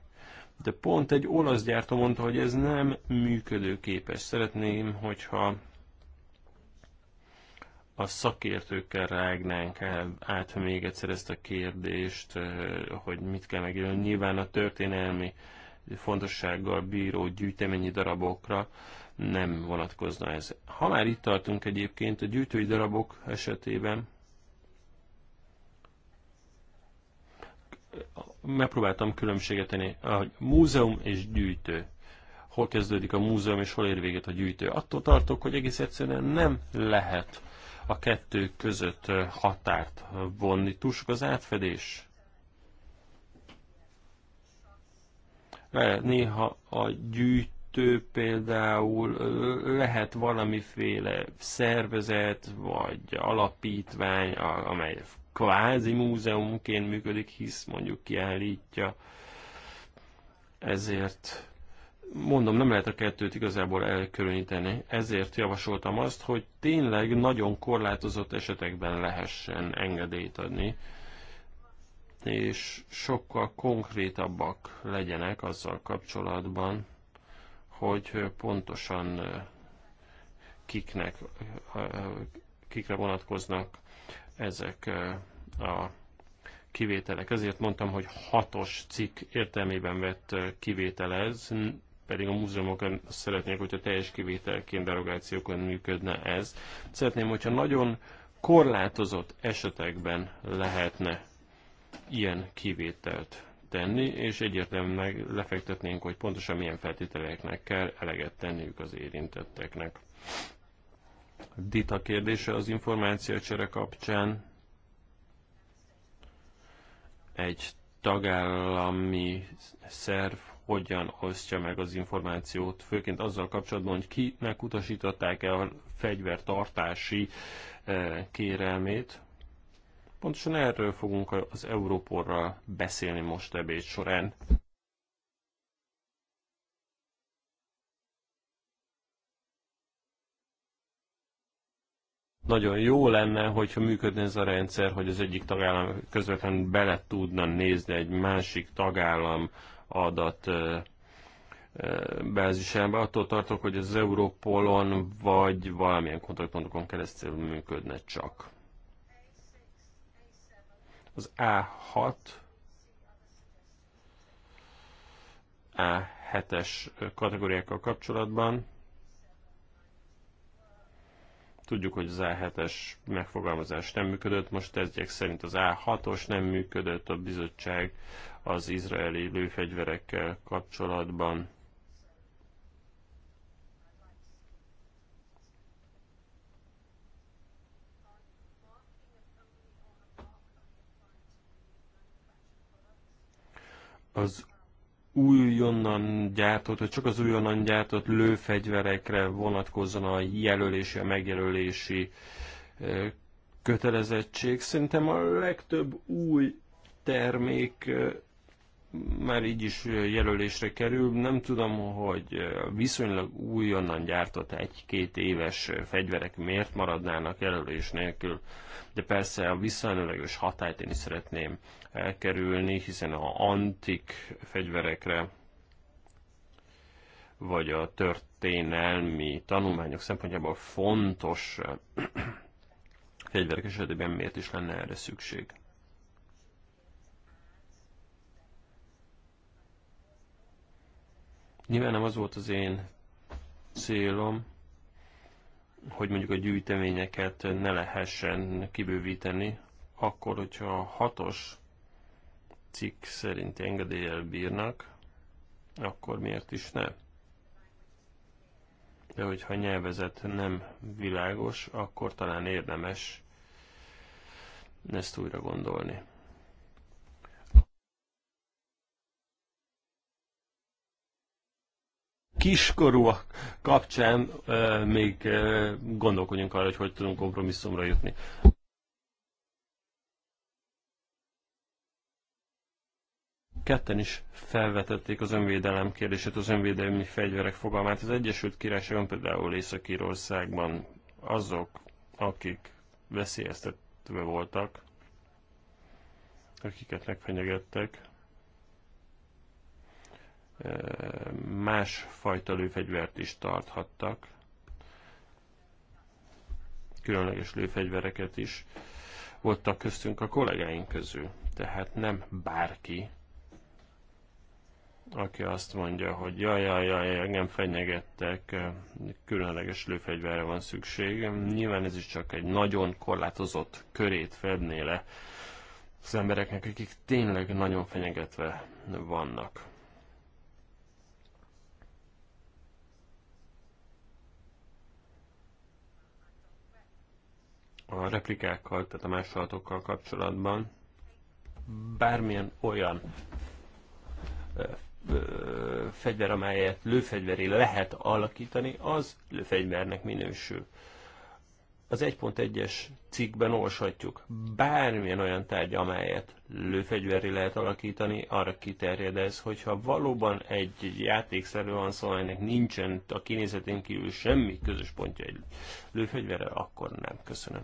de pont egy olasz gyártó mondta, hogy ez nem működőképes. Szeretném, hogyha a szakértőkkel rágnánk át még egyszer ezt a kérdést, eh, hogy mit kell megjelölni. Nyilván a történelmi fontossággal bíró gyűjteményi darabokra nem vonatkozna ez. Ha már itt tartunk egyébként, a gyűjtői darabok esetében megpróbáltam különbséget tenni, hogy múzeum és gyűjtő. Hol kezdődik a múzeum és hol ér véget a gyűjtő. Attól tartok, hogy egész egyszerűen nem lehet a kettő között határt vonni. Túl sok az átfedés. néha a gyűjtő például lehet valamiféle szervezet vagy alapítvány, amely kvázi múzeumként működik, hisz mondjuk kiállítja. Ezért mondom, nem lehet a kettőt igazából elkülöníteni. Ezért javasoltam azt, hogy tényleg nagyon korlátozott esetekben lehessen engedélyt adni, és sokkal konkrétabbak legyenek azzal kapcsolatban, hogy pontosan eh, kiknek, eh, eh, kikre vonatkoznak ezek eh, a kivételek. Ezért mondtam, hogy hatos cikk értelmében vett eh, kivételez, pedig a múzeumokon szeretnék, hogyha teljes kivételként derogációkon működne ez. Szeretném, hogyha nagyon korlátozott esetekben lehetne ilyen kivételt tenni, és egyértelműen meg lefektetnénk, hogy pontosan milyen feltételeknek kell eleget tenniük az érintetteknek. Dita kérdése az információcsere kapcsán egy tagállami szerv hogyan osztja meg az információt, főként azzal kapcsolatban, hogy kinek utasították el a fegyvertartási eh, kérelmét. Pontosan erről fogunk az Európorral beszélni most ebéd során. Nagyon jó lenne, hogyha működne ez a rendszer, hogy az egyik tagállam közvetlenül bele tudna nézni egy másik tagállam adat bázisába. Attól tartok, hogy az Europolon vagy valamilyen kontaktpontokon keresztül működne csak. Az A6 A7-es kategóriákkal kapcsolatban Tudjuk, hogy az A7-es megfogalmazás nem működött, most ezek szerint az A6-os nem működött, a bizottság az izraeli lőfegyverekkel kapcsolatban. Az újonnan gyártott, hogy csak az újonnan gyártott lőfegyverekre vonatkozzon a jelölési, a megjelölési kötelezettség. Szerintem a legtöbb új termék már így is jelölésre kerül. Nem tudom, hogy viszonylag újonnan gyártott egy-két éves fegyverek miért maradnának jelölés nélkül, de persze a viszonylagos hatályt én is szeretném elkerülni, hiszen a antik fegyverekre vagy a történelmi tanulmányok szempontjából fontos eh, [CLEARS THROAT] fegyverek esetében miért is lenne erre szükség. Nyilván nem az volt az én célom, hogy mondjuk a gyűjteményeket ne lehessen kibővíteni, akkor, hogyha a hatos cikk szerint engedéllyel bírnak, akkor miért is ne? De hogyha nyelvezet nem világos, akkor talán érdemes ezt újra gondolni. kiskorúak kapcsán euh, még euh, gondolkodjunk arra, hogy hogy tudunk kompromisszumra jutni. Ketten is felvetették az önvédelem kérdését, az önvédelmi fegyverek fogalmát. Az Egyesült Királyságon például Észak-Írországban azok, akik veszélyeztetve voltak, akiket megfenyegettek, e, más lőfegyvert is tarthattak, különleges lőfegyvereket is voltak köztünk a kollégáink közül. Tehát nem bárki aki azt mondja, hogy jaj, jaj, jaj, engem fenyegettek, eh, különleges lőfegyverre van szükség. Nyilván ez is csak egy nagyon korlátozott körét fedné le az embereknek, akik tényleg nagyon fenyegetve vannak. A replikákkal, tehát a másolatokkal kapcsolatban bármilyen olyan eh, fegyver, amelyet lőfegyveré lehet alakítani, az lőfegyvernek minősül. Az 1.1-es cikkben olvashatjuk, bármilyen olyan tárgy, amelyet lőfegyverré lehet alakítani, arra kiterjed ez, hogyha valóban egy játékszerű van szó, ennek nincsen a kinézetén kívül semmi közös pontja egy lőfegyverre, akkor nem. Köszönöm.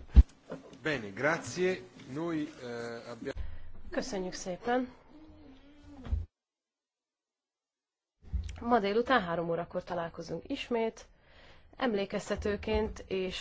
Bene, grazie. Noi, uh, abbiamo... Köszönjük szépen. Ma délután három órakor találkozunk ismét. Emlékeztetőként és